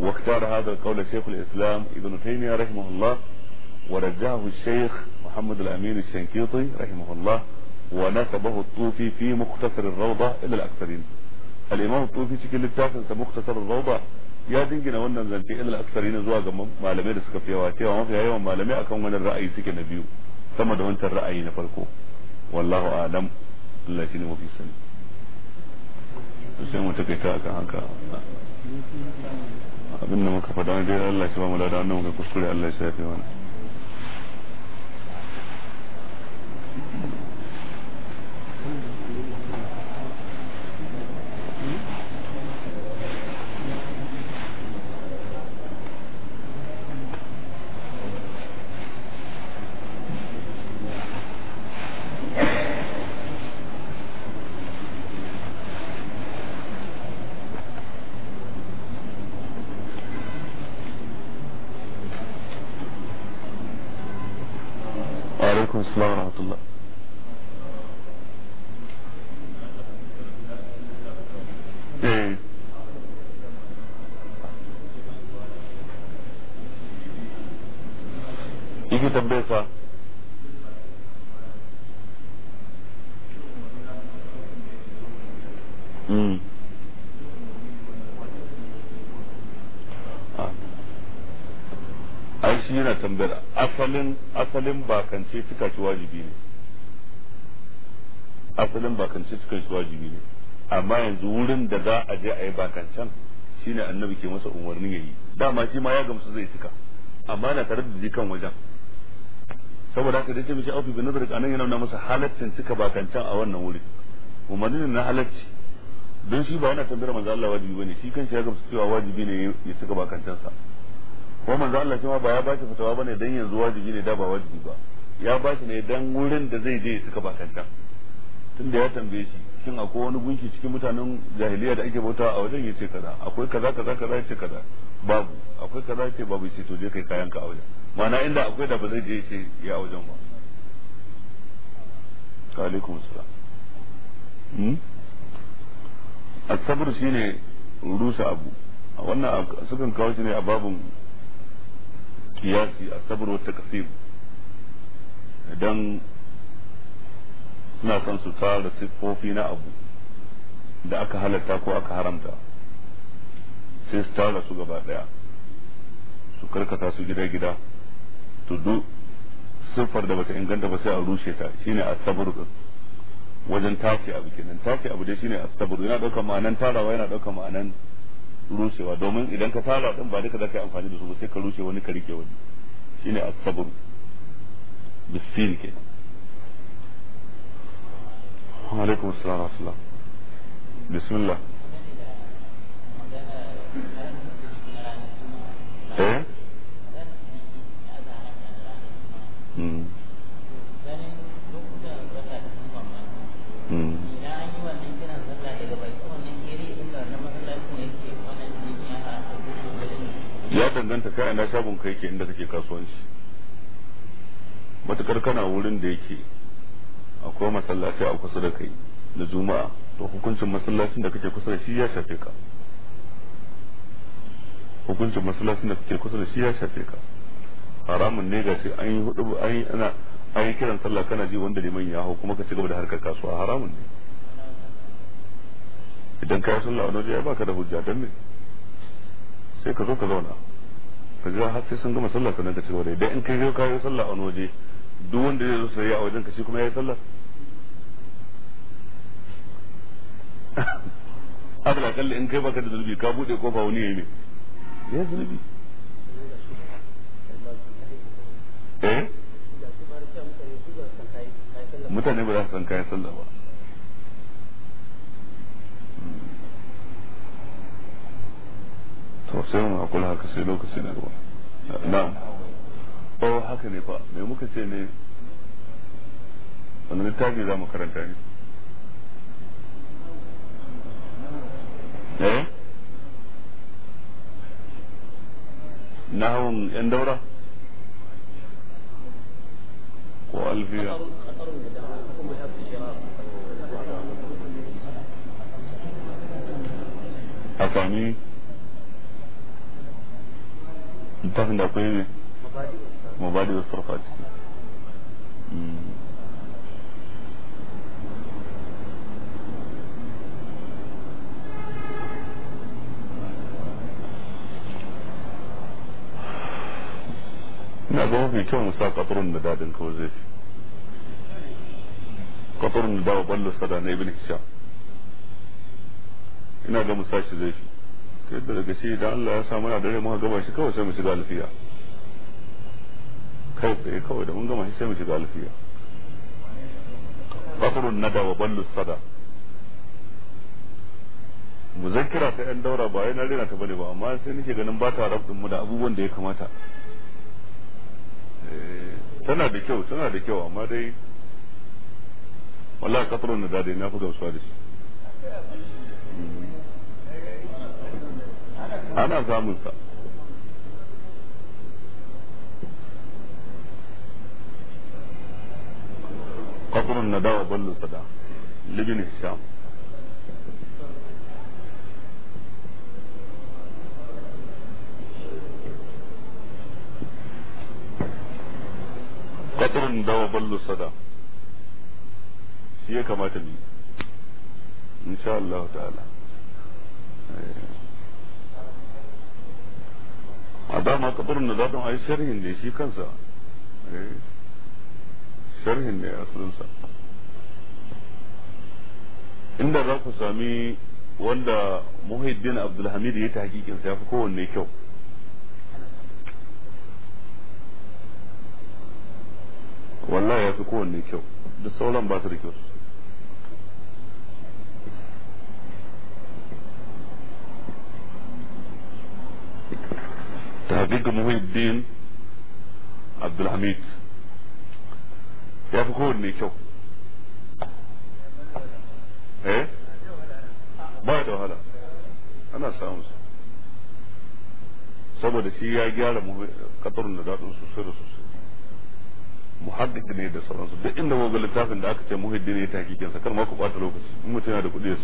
واختار هذا القول شيخ الاسلام ابن تيميه رحمه الله ورجاه الشيخ محمد الامين الشنكيطي رحمه الله ونسبه الطوفي في مختصر الروضه الى الاكثرين. الامام الطوفي شكل اللي بتاخذ مختصر الروضه يا دينجنا ونا في الى الاكثرين زواج ما لم يرسك في واتي وما في أيوة ما لم يكن من الراي سك نبيو ثم دونت الراي نفرقو والله اعلم التي نمو في السنه. السنه متكتاكا هكا. Thank da muka faɗa wani dai Allah shi ba mu da wanda muka kuskure Allah shi ya fi wani Mm. ai shi yana tambayar asalin asalin bakance cika shi wajibi ne asalin bakance cika shi wajibi ne amma yanzu wurin da za a je a yi bakancan shine annabi ke masa umarnin yayi dama shi ma ya gamsu zai cika amma na tare da jikan wajen saboda haka dace ce mishi aufi bin nazarik anan yana nuna masa halaccin cika bakancan a wannan wuri umarnin na halacci don shi ba wani tambayar manzo Allah wajibi bane shi kansa ya gamsu cewa wajibi ne ya saka bakantansa ko manzo Allah shi ma ba ya ba shi fatawa bane dan yanzu wajibi ne da ba wajibi ba ya ba shi ne dan wurin da zai je ya saka bakantan tunda ya tambaye shi shin akwai wani gunki cikin mutanen jahiliya da ake bauta a wajen yace kaza akwai kaza kaza kaza yace kaza babu akwai kaza yace babu ce to je kai kayan ka a wajen ma'ana inda akwai da ba zai je yace ya a wajen ba alaikum salam hmm? asabar shine rusa abu wannan sukan kawo shi ne a babin kiyasi asabar wata takasir idan suna son su tara siffofi na abu da aka halatta ko aka haramta sai su tara su gaba daya su karkata su gida-gida to duk siffar da bata inganta ba sai a rushe ta shine asabar wajen tafi abu kenan tafi abu dai shine asabr yana daukar ma'anan tarawa yana daukar ma'anan rushewa domin idan ka tara din ba duka zaka yi amfani da su ba sai ka rushe wani ka rike wani shine asabr bisin ke wa alaikum assalam wa rahmatullah bismillah eh hmm. ya danganta kai ana shagon kai ke inda kake kasuwanci matukar kana wurin da yake akwai masallaci a kusa da kai na juma'a to hukuncin masallacin da kake kusa da shi ya shafe ka hukuncin masallacin da kake kusa da shi ya shafe ka haramun ne ga shi an yi hudu an yi ana an yi kiran sallah kana ji wanda liman ya hau kuma ka ci gaba da harkar kasuwa haramun ne idan ka yi sallah wani waje ya baka da hujja don me sai ka zo ka zauna ka jira har sai sun gama sallah sannan ka ci gaba da idan in kai zo kawo sallah a wani waje duk wanda zai zo sai ya wajen ka shi kuma yi sallah abla kalli in kai baka da zunubi ka bude kofa wani yayi ne ya zunubi eh mutane ba za su san kayan sallah ba kula haka sai na ruwa na'am oh haka ne fa me muka ce ne wani littafi za mu karanta ne eh nahawun yan daura ko alfiya a انتهينا قيمة مبادئ الصرفات نعم في كم مساء قطرون مدى بنك وزيف قطرون مدى وبلو صدان ابن هشام هنا قم مساء شزيفي yadda daga shi da Allah ya sa da rai mun gama shi kawai sai mu shiga alfiya kai tsaye kawai da mun gama shi sai mu shiga alfiya bakrun nada wa ballu sada muzakkira ta yan daura ba yana rena ta bane ba amma sai nake ganin ba ta rabdin mu da abubuwan da ya kamata eh, tana da kyau tana da kyau amma dai wallahi katrun nada dai na fi gamsuwa da shi ana samun sa kasurin na dawa ballon sada libin isham kasurin dawa kamata ne insha Allah a dama kabarin da zaton ai sharhin ne shi kansa eh, sharhin ne a sunansa inda za ku sami wanda muhiddin abdulhamid ya ta hakikinsa ya fi kowanne kyau wallahi ya fi kowanne kyau duk sauran ba su da kyau ɗinka muhiddin الدين ya fi kowanne kyau eh ba saboda shi ya gyara katarun da daɗin sosai da sosai muhaddid ne da sauransu duk inda goga littafin da aka ce muhiddin ya tahkikinsa kar ma ku ɓata lokaci in mutum yana da kuɗi ya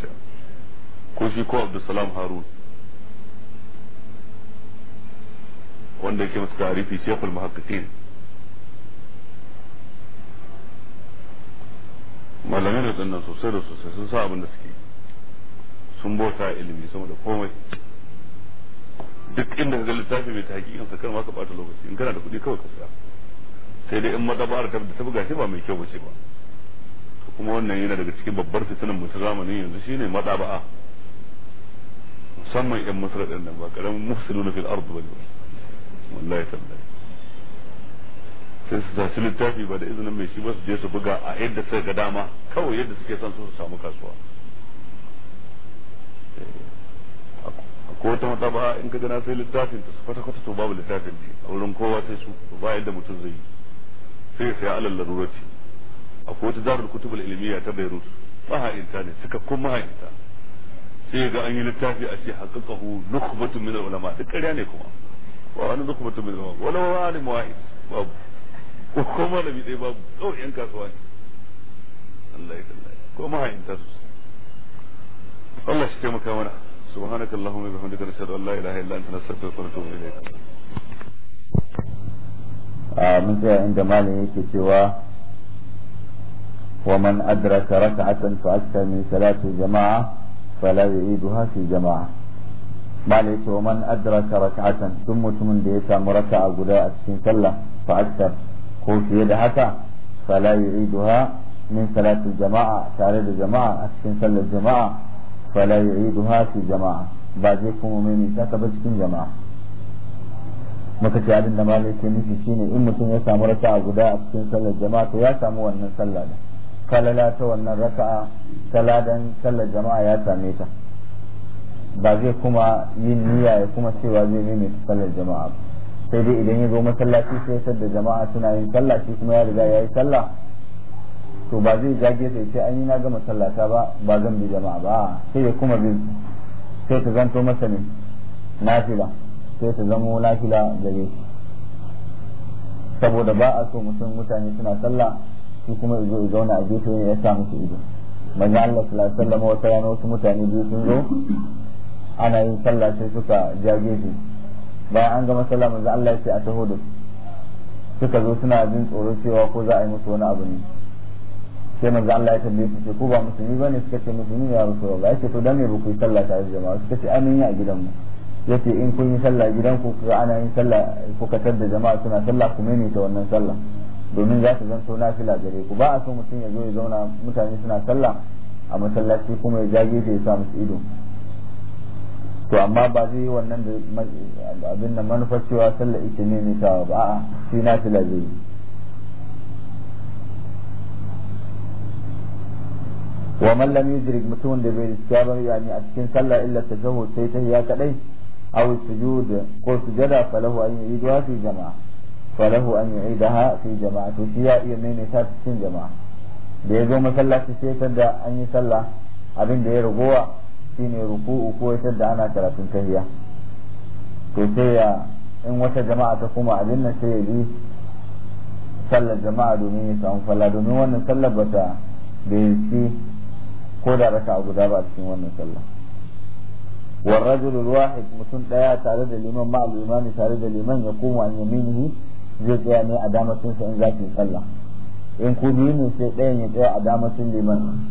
ko shi ko harun wanda yake masa tarifi shekul muhaqqiqin malamai da tsannan sosai da sosai sun sa abin da suke sun bauta ilimi sama da komai duk inda ka ga littafi mai tahqiqin sa kar ma ka bata lokaci in kana da kuɗi kawai ka saya sai dai in madabar ta ta buga shi ba mai kyau ba bace ba kuma wannan yana daga cikin babbar fitinan mu ta zamanin yanzu shine madaba'a musamman yan masar ɗin nan ba karamin mufsiduna fil ard wal wallahi tabbai sai su zaci littafi ba da izinin mai shi ba su je su buga a yadda suka ga dama kawai yadda suke son su samu kasuwa eh, A ko wata ba in ka gana sai littafin ta kwata kwata to babu littafin ne a wurin kowa sai su ba yadda mutum zai yi sai sai alal larurati ko wata darul kutubul ilmiya ta Beirut maha'inta ne suka kun maha'inta sai ga an yi littafi a ce haƙaƙahu nukbatun min ulama duk ƙarya ne kuma ba wani duk mutum zama wala wa wani muwa'id babu ko ko malami dai babu kawai yan kasuwa ne Allah ya kalla ko mahayinta su Allah shi taimaka mana سبحانك اللهم وبحمدك نشهد ان لا اله الا انت نستغفرك ونتوب اليك من جاء عند مالك سوى ومن أدرك ركعة فأكثر من ثلاث جماعة فلا يعيدها في جماعة malai ce wa man adraka rak'atan duk mutumin da ya samu raka'a guda a cikin sallah fa akthar ko fiye da haka fala yuriduha min salatul jama'a tare da jama'a a cikin sallar jama'a fala yuriduha fi jama'a ba zai kuma mai ta ba cikin jama'a muka ce abin da malai ke nufi shine in mutum ya samu raka'a guda a cikin sallar jama'a to ya samu wannan sallah da falala ta wannan raka'a ta ladan sallar jama'a ya same ta ba zai kuma yin niyya ya kuma cewa zai ne mai sallar jama'a sai dai idan ya zo masallaci sai ya sadda jama'a suna yin sallah shi kuma ya riga ya yi sallah to ba zai jage sai ce an yi na gama sallata ba ba zan bi jama'a ba sai ya kuma bin sai ta zanto masa ne nafila sai ta zamo nafila gare shi saboda ba a so mutum mutane suna sallah shi kuma izo ya zauna a gefe ya sa musu ido manzo Allah sallallahu alaihi wasallam wata yana wasu mutane biyu sun zo ana yin sallah sai suka jage shi bayan an gama sallah manzo Allah ya ce a taho suka zo suna jin tsoro cewa ko za a yi musu wani abu ne sai manzo Allah ya tambaye su ce ko ba musulmi bane suka ce musulmi ya rasulullah yake to dan me ku yi sallah tare da jama'a suka ce ai mun yi a gidanmu yace in kun yi sallah gidan ku ga ana yin sallah kuka tar da jama'a suna sallah ku mene ta wannan sallah domin za su na fila gare ku ba a so mutum ya zo ya zauna mutane suna sallah a masallaci kuma ya jage da ya sa musu ido to amma ba zai yi wannan da abin da manufar cewa sallar ita ne mai ba a'a shi na fila zai yi wa man lam mutumin da bai riska ba yani a cikin sallah illa tashahhud sai ta ya kadai aw sujud ko sujada falahu an yu'idaha fi jama'a falahu an yu'idaha fi jama'a to shi ya iya maimaita cikin jama'a da ya zo masallaci sai da an yi sallah abin da ya ragowa shine ruku'u ko ya da ana karatun tahiya to sai ya in wata jama'a ta kuma abin nan sai ya bi sallar jama'a domin ya samu falla domin wannan sallar bata bai ci ko da raka guda ba cikin wannan sallar والرجل wahid mutum daya tare da liman ma'al imani tare da liman ya koma an yaminihi zai tsaya ne a damacin sa in zaki sallah in ku ne sai ɗayan ya tsaya a damacin liman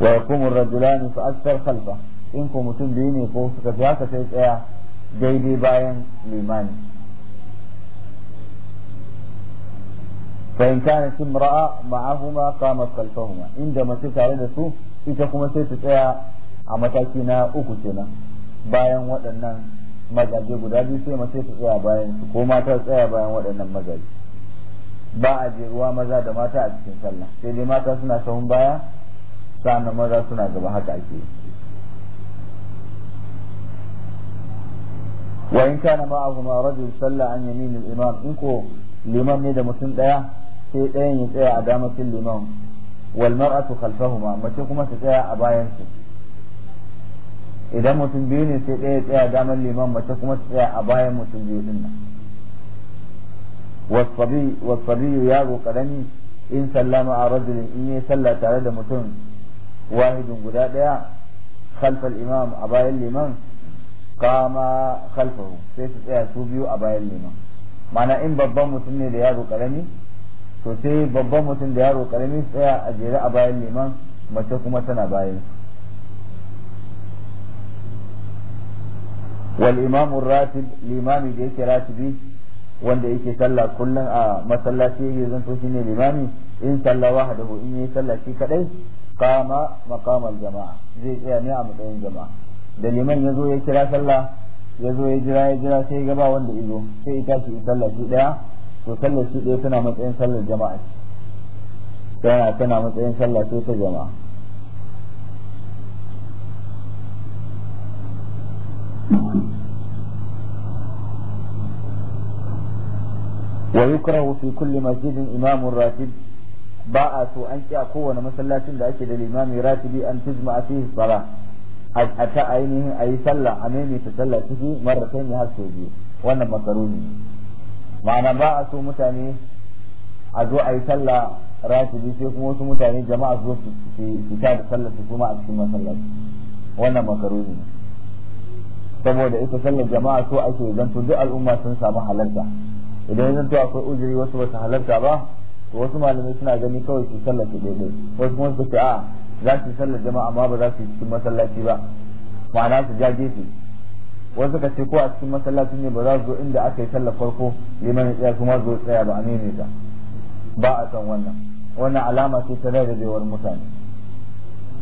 wa yakumu ar-rajulani fa akthar khalfa in ko mutum biyu ne ko suka fi haka sai tsaya daidai bayan limani fa in kanat imra'a ma'ahuma qamat khalfahuma inda mace tare da su ita kuma sai ta tsaya a mataki na uku kenan bayan waɗannan mazaje guda biyu sai mace ta tsaya bayan su ko mata tsaya bayan waɗannan mazaje ba a je ruwa maza da mata a cikin sallah sai dai mata suna sahun baya sa'annan maza suna gaba haka ake wa in kana ma'ahuma rajul salla an yamin al-imam in ko liman ne da mutum daya sai dayan ya tsaya a damakin liman wal mar'atu khalfahuma mace kuma ta tsaya a bayan su idan mutum biyu ne sai daya ya tsaya daman liman mace kuma ta tsaya a bayan mutum biyu din nan wasabi wasabi yaro karami in sallama a rajulin in ya salla tare da mutum wahidun guda ɗaya khalfal imam a bayan liman kama khalfahu sai su tsaya su biyu a bayan liman mana in babban mutum ne da yaro karami to sai babban mutum da yaro karami su tsaya a jere a bayan liman mace kuma tana bayan su wal imamu ratib limami da yake ratibi wanda yake sallah kullum a masallaci yake zanto shine limami in sallah wahdahu in yi sallah shi kadai qama makamar jama'a zai tsaya ne a matsayin jama'a da liman ya zo ya kira sallah ya zo ya jira ya jira sai gaba wanda izo sai ita tashi sallah shi daya to sallar shi daya tana matsayin sallar jama'a matsayin ta jama'a ويكره في كل مسجد إمام راتب ba a so an kiya kowane masallacin da ake da limami ratibi an a fihi sala a ta ainihin a yi sallah a ta sallah ciki marar kai ne har sau biyu wannan ne ma'ana ba a so mutane a zo a yi sallah ratibi sai kuma wasu mutane jama'a zo su fita da sallah su kuma a cikin masallaci wannan ne saboda ita sallar jama'a so ake zanto duk al'umma sun samu halarta idan zanto akwai ujiri wasu ba su halarta ba wasu malamai suna gani kawai su sallar su wasu kuma suka ce a za su sallar jama'a amma ba za su yi cikin masallaci ba ma'ana su ja gefe wasu ka ce ko a cikin masallaci ne ba za su zo inda aka yi sallar farko liman ya tsaya kuma zo tsaya ba a maimaita ba a san wannan wannan alama ce ta rarrabewar mutane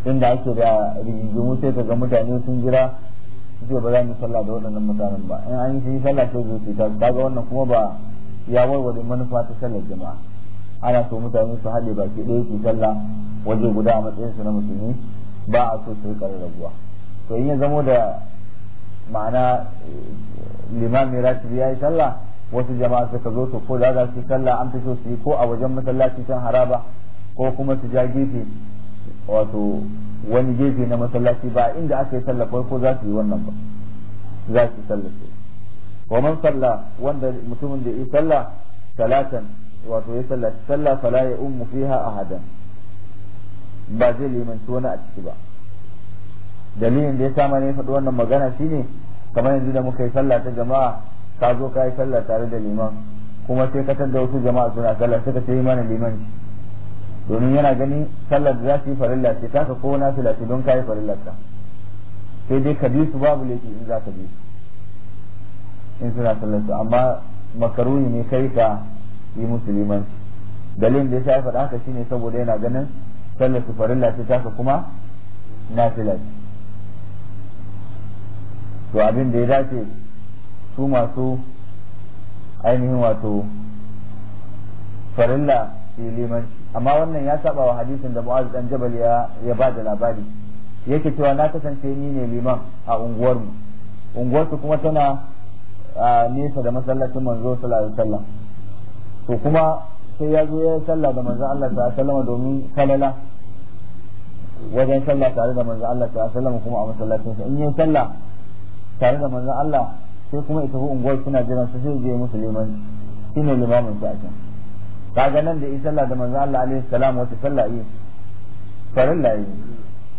inda ake da rigingimu sai ka ga mutane sun jira su ce ba za mu sallah da waɗannan mutanen ba in an yi sun yi sallah sai zo su ta ga wannan kuma ba ya warware manufa ta sallar jama'a ana so mutane su haɗe baki ɗaya su sallah waje guda a matsayin su na musulmi ba a so su rika rabuwa to in ya zamo da ma'ana eh, limami rashidi ya yi sallah wasu jama'a suka zo to ko da za su sallah an fi so su yi ko a wajen masallaci can haraba ko kuma su ja gefe wato wani gefe na masallaci ba inda aka yi sallah farko za su yi wannan ba za su sallah su wa man sallah wanda mutumin da yi sallah talatan. wato ya sallaci sallah fala ya ummu fiha ahadan ba zai limanci wani a ciki ba dalilin da ya sa ne faɗi wannan magana shine kamar yanzu da muka yi sallah ta jama'a ka zo ka yi sallah tare da liman kuma sai ka da wasu jama'a suna sallah suka ce mana limanci domin yana gani sallar da za su yi farilla ce ka ko na fila ce don yi farillar ka sai dai ka bi su babu laifi in za ka bi su in suna sallar su amma makaruni ne kai ka yi musu limanci dalilin da ya sa faɗa haka shine saboda yana ganin sallar su farilla ta taka kuma na ce to abin da ya dace su masu ainihin wato farilla su yi limanci amma wannan ya saba wa hadisin da mu'az dan jabal ya ya ba da labari yake cewa na kasance ni ne liman a unguwarmu unguwarsu kuma tana nesa da masallacin manzo sallallahu alaihi wasallam to kuma sai ya zo ya yi sallah da manzo Allah ta sallama domin salala wajen sallah tare da manzo Allah ta sallama kuma a masallacin sa in yi sallah tare da manzo Allah sai kuma ita unguwar suna jiran su sai je musulman liman shine limamin ta a can kaga nan da yi sallah da manzo Allah alaihi salam wata sallah yi farilla yi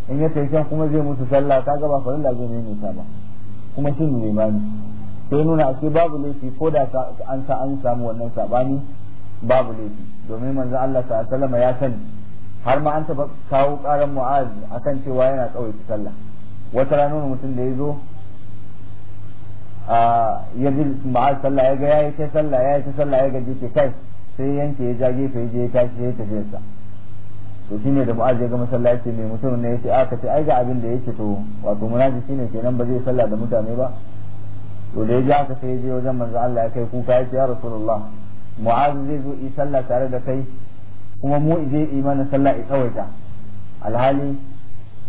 in ya tafi can kuma zai musu sallah kaga ba farilla zai ne ta ba kuma shine limamin sai nuna ake babu laifi ko da an sa an samu wannan sabani babu laifi domin manzo Allah sallama ya sani har ma an taba kawo karan mu'az akan cewa yana kawai sallah wata rana mutum da ya zo ya ji mu'az sallah ya ga ya yi ta sallah ya yi ta sallah ya ga ce kai sai yanke ya ja gefe ya je ya tashi ya tafi sa to shine da mu'az ya ga masallaci mai mutum ne yace aka ce ai ga abin da yake to wato munaji shine kenan ba zai sallah da mutane ba to da ya ji aka sai ya je wajen manzo Allah ya kai kuka ya ce ya rasulullah mu'azu zai zo yi sallah tare da kai kuma mu zai yi mana sallah ya tsawaita alhali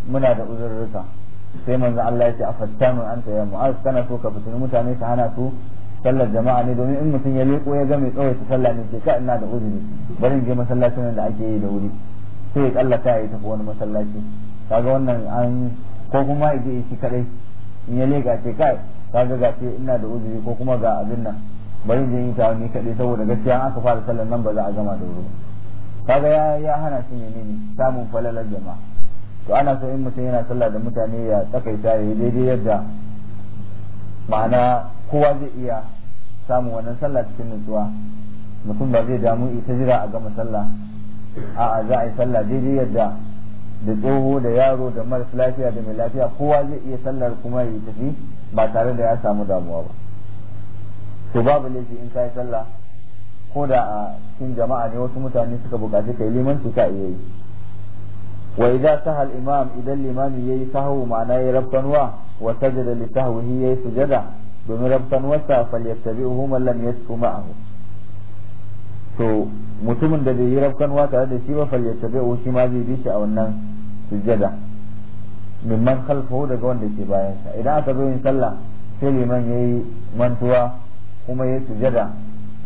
muna da uzurruka sai manzo Allah ya ce a afattanu anta ya mu'az kana so ka fitini mutane ka hana su sallar jama'a ne domin in mutum ya leko ya ga mai tsawaita sallah ne ke ka ina da uzuri bari in je masallacin da ake yi da wuri sai ya kallata ya tafi wani masallaci kaga wannan an ko kuma ya je shi kadai in ya leka ce kai kaga ga ina da uzuri ko kuma ga abin nan bari zai yi ta ni kaɗai saboda gaskiya an aka fara sallar nan ba za a gama da wuri kaga ya ya hana shi ne ne samun falalar jama'a to ana so in mutum yana sallah da mutane ya tsakaita ya daidai yadda ma'ana kowa zai iya samun wannan sallah cikin nutsuwa mutum ba zai damu ita jira a gama sallah a'a za a yi sallah daidai yadda da tsoho da yaro da maras lafiya da mai lafiya kowa zai iya sallar kuma ya tafi ba tare da ya samu damuwa ba to babu laifi in kai sallah ko da a cikin jama'a ne wasu mutane suka bukaci kai su ka iya yi wa idza sahal imam idan limami yayi sahwu ma'ana yayi rabbanwa wa sajada li sahwihi yayi sujada domin rabbanwarsa falyattabi'uhu man lam yasfu ma'ahu to mutumin da bai yi rabbanwa tare da shi ba falyattabi'uhu shi ma zai bi shi a wannan sujada mimman khalfahu daga wanda ke bayansa idan aka zo yin sallah sai liman yayi mantuwa kuma ya sujada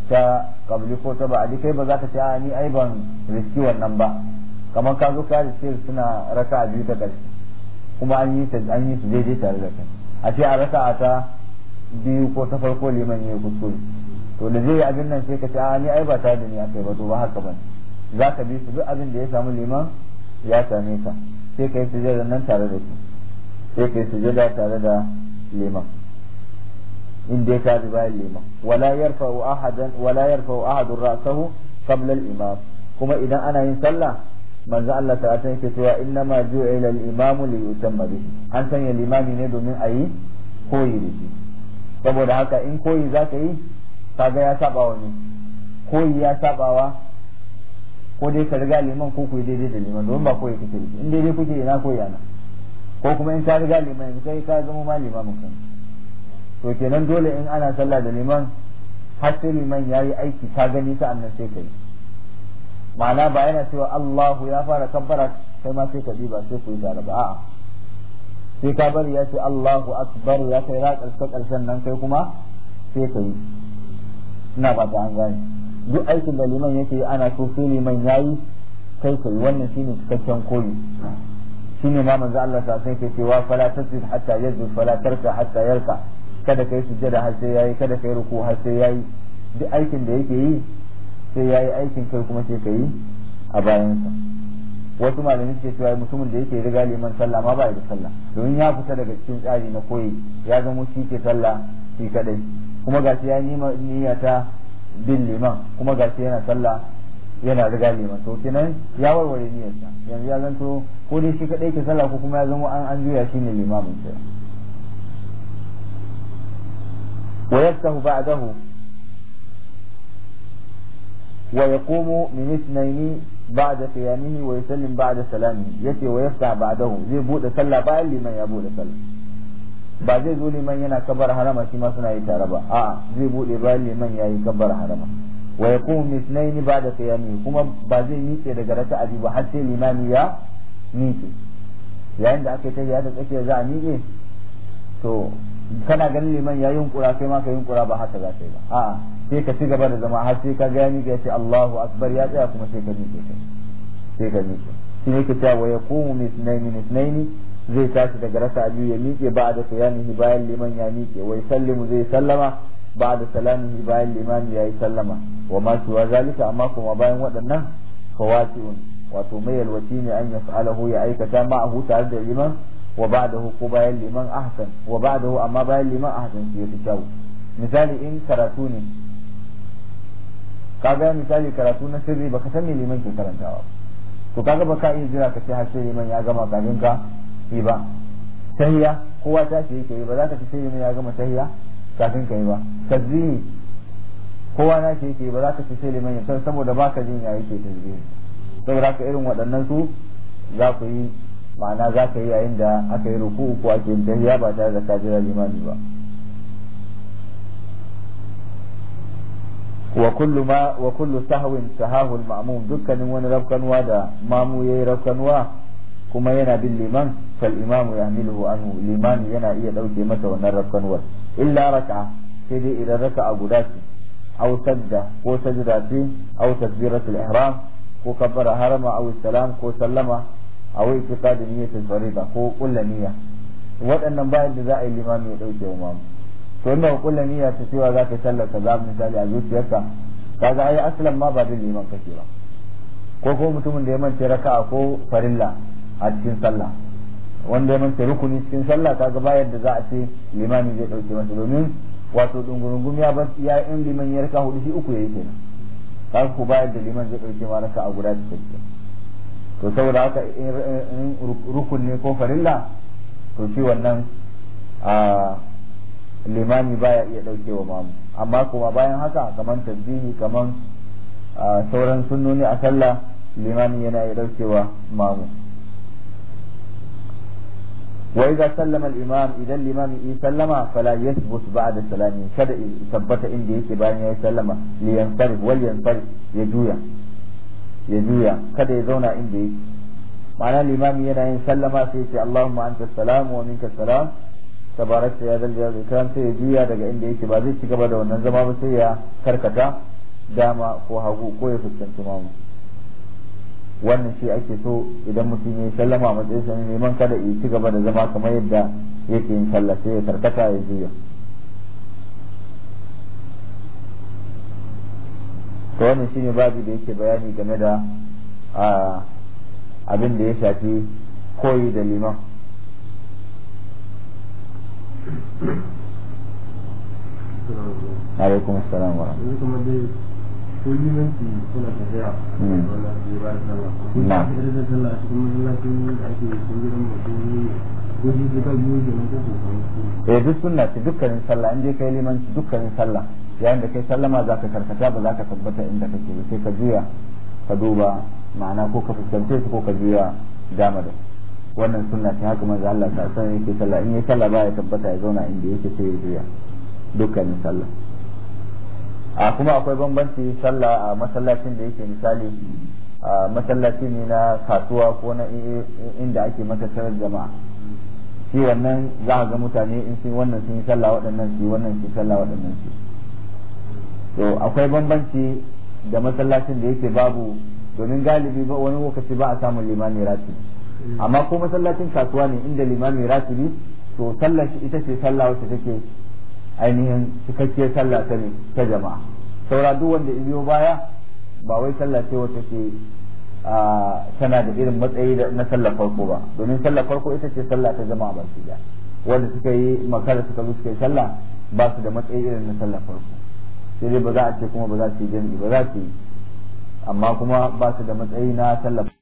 ta kabli ko ta a kai ba za ka ce a ni ai ban riski wannan ba kamar ka zo ka riske suna raka a biyu ta ƙarshe kuma an yi an yi su daidai tare da kai a ce a raka a ta biyu ko ta farko liman ya kuskure to da zai yi abin nan sai ka ce a ni ai ba tare da ni akai ba to ba haka ba ne za ka bi su duk abin da ya samu liman ya same ka sai ka yi sujada nan tare da shi sai ka yi sujada tare da liman in dai ka bi bayan liman wala yarfa'u ahadan wala yarfa'u ahadun ra'sahu qabla al-imam kuma idan ana yin sallah manzo Allah ta san yake cewa inna ma ju'ila al-imamu li yutamma bihi an sanya limami ne domin a yi koyi da shi saboda haka in koyi zaka yi kaga ya saba wa ne koyi ya wa ko dai ka riga liman ko ku daidai da liman domin ba koyi kake in daidai kuke ina koyi ana ko kuma in ka riga liman yanzu kai ka zama ma limamin kanka to kenan dole in ana sallah da liman har sai liman yi aiki ta gani sa'an nan sai kai ma'ana ba yana cewa Allahu ya fara kabbara sai ma sai ka bi ba sai ku yi tare ba a'a sai ka bari ya ce Allahu akbar ya kai ra karshe karshen nan kai kuma sai ka yi ina ba ta an gane duk aikin da liman yake ana so sai liman yi kai kai wannan shine cikakken koyi shine ma manzo Allah sa sai ke cewa fala tasjud hatta yajud fala tarka hatta yarka kada kai sujjada har sai yayi kada kai ruku har sai yayi duk aikin da yake yi sai yayi aikin kai kuma sai kai a bayansa wasu malami suke cewa mutumin da yake riga liman sallah ma ba da sallah domin ya fita daga cikin tsari na koyi ya zama shi ke sallah shi kadai kuma shi ya nima niyya ta bin liman kuma shi yana sallah yana riga liman to kenan ya warware niyyarsa yanzu ya zanto ko dai shi kadai ke sallah ko kuma ya zama an an juya shi ne limamin sai ويفتح بعده ويقوم من اثنين بعد قيامه ويسلم بعد سلامه يتي ويفتح بعده زي بود صلى با لمن يا بود صلى ba zai zo liman yana kabar harama shi ma suna yi tare ba a zai bude ba liman ya yi kabar harama wa ya kuma misnaini ba da qiyami kuma ba zai miƙe daga raka'a biyu ba har sai limami ya miƙe yayin da aka yi tafiya ta tsakiyar za a miƙe to kana ganin liman ya yunkura kai ma ka yunkura ba haka za ka yi ba a sai ka ci gaba da zama har sai ka ni ka ce Allahu akbar ya tsaya kuma sai ka miƙe kai sai ka miƙe shi ne ka cewa wa ya yaqumu mithnaini mithnaini zai tashi daga rasa biyu ya miƙe ba da qiyamihi bayan liman ya miƙe wai sallimu zai sallama ba da salamihi bayan liman ya yi sallama wa ma wa zalika amma kuma bayan waɗannan fawati'un wato mai yalwaci ne an alahu ya aikata ma ma'ahu tare da liman wa ba'dahu ko bayan liman ahsan wa ba'dahu amma bayan liman ahsan shi yafi kyau misali in karatu ne ka kaga misali karatu na sirri baka san me liman ke karantawa to kaga baka iya jira ka ce har sai liman ya gama kafin ka yi ba tahiya kowa ta ce yake yi ba za ka ci sai liman ya gama tahiya kafin ka yi ba tasbihi kowa na ce yake ba za ka ci sai liman ya saboda baka jin ya yake tasbihi saboda ka irin waɗannan su za ku yi ma'ana za ka yi yayin da aka yi ruku ko ake yin tahiya ba tare da ka jira limami ba wa kullu ma wa kullu sahwin sahahul ma'mum dukkanin wani rafkanwa da mamu yayi rafkanwa kuma yana bin liman fal imamu yahmiluhu anhu liman yana iya dauke masa wannan rafkanwar illa raka'a sai dai idan raka'a guda ce aw sajda ko sajda ce aw takbiratul ihram ko kabbara harama aw salam ko sallama a wai da i'tiqad niyyatin ba ko kulla niyya waɗannan bayan da za a yi limami ya dauke wa mamu to inda kulla niyya ta cewa za ka sallar kaza misali a zuciyarka kaga ai aslan ma ba da liman kake ba ko ko mutumin da ya mance raka'a ko farilla a cikin sallah wanda ya mance rukuni cikin sallah kaga bayan da za a ce limami zai dauke masa domin wato dungurungum ya bar ya in liman ya raka hudu shi uku yayi kenan ka ku bayar da liman zai dauke ma raka'a guda cikin to saboda haka in rukun ne ko farilla to shi wannan a limami baya iya dauke wa mamu amma kuma bayan haka kamar tasbihi kamar sauran sunnoni a sallah limami yana iya dauke wa mamu wai za sallama al'imam idan limami in sallama fala yasbut ba'da salami kada tabbata inda yake bayan ya sallama liyan wal ya juya ya juya kada ya zauna inda yake ma'ana limami yana yin sallama sai ya ce Allahumma anta salamu wa minka salam tabarakta ya zal ya ikram sai ya juya daga inda yake ba zai ci gaba da wannan zama ba sai ya karkata dama ko hagu ko ya fuskanci mamu wannan shi ake so idan mutum ya sallama matsayin sa neman kada ya ci gaba da zama kamar yadda yake yin sallah sai ya karkata ya juya to wannan shine babu da yake bayani game da abin da ya shafi koyi da liman عليكم السلام ورحمه الله ko limanci suna tafiya hmm. wanda ake ba da sallah ko da da ko ke eh duk sunna ce dukkanin sallah in je kai limanci dukkanin sallah yayin da kai sallama za ka karkata ba za ka tabbata inda kake ba sai ka juya ka duba ma'ana ko ka fuskance su ko ka juya dama da wannan sunna ce haka manzo Allah ta san yake sallah in yayi sallah ba ya tabbata ya zauna inda yake sai ya juya dukkanin sallah a kuma akwai bambanci sallah a masallacin da yake misali a masallaci ne na kasuwa ko na inda ake matasarar jama'a shi wannan za a ga mutane in sun wannan sun yi sallah waɗannan su wannan sun sallah waɗannan su to akwai bambanci da masallacin da yake babu domin galibi ba wani lokaci ba a samun limami ratibi amma ko masallacin kasuwa ne inda limami ratibi to sallar shi ita ce sallah wacce take ainihin cikakkiyar sallah ta ne ta jama'a saura duk wanda ya biyo baya ba wai sallah ce wata ce tana da irin matsayi na sallar farko ba domin sallar farko ita ce sallah ta jama'a ba su da wanda suka yi makara suka zo suka yi sallah ba su da matsayi irin na sallar farko sai dai ba za a ce kuma ba za su yi jami'i ba za su yi amma kuma ba su da matsayi na sallar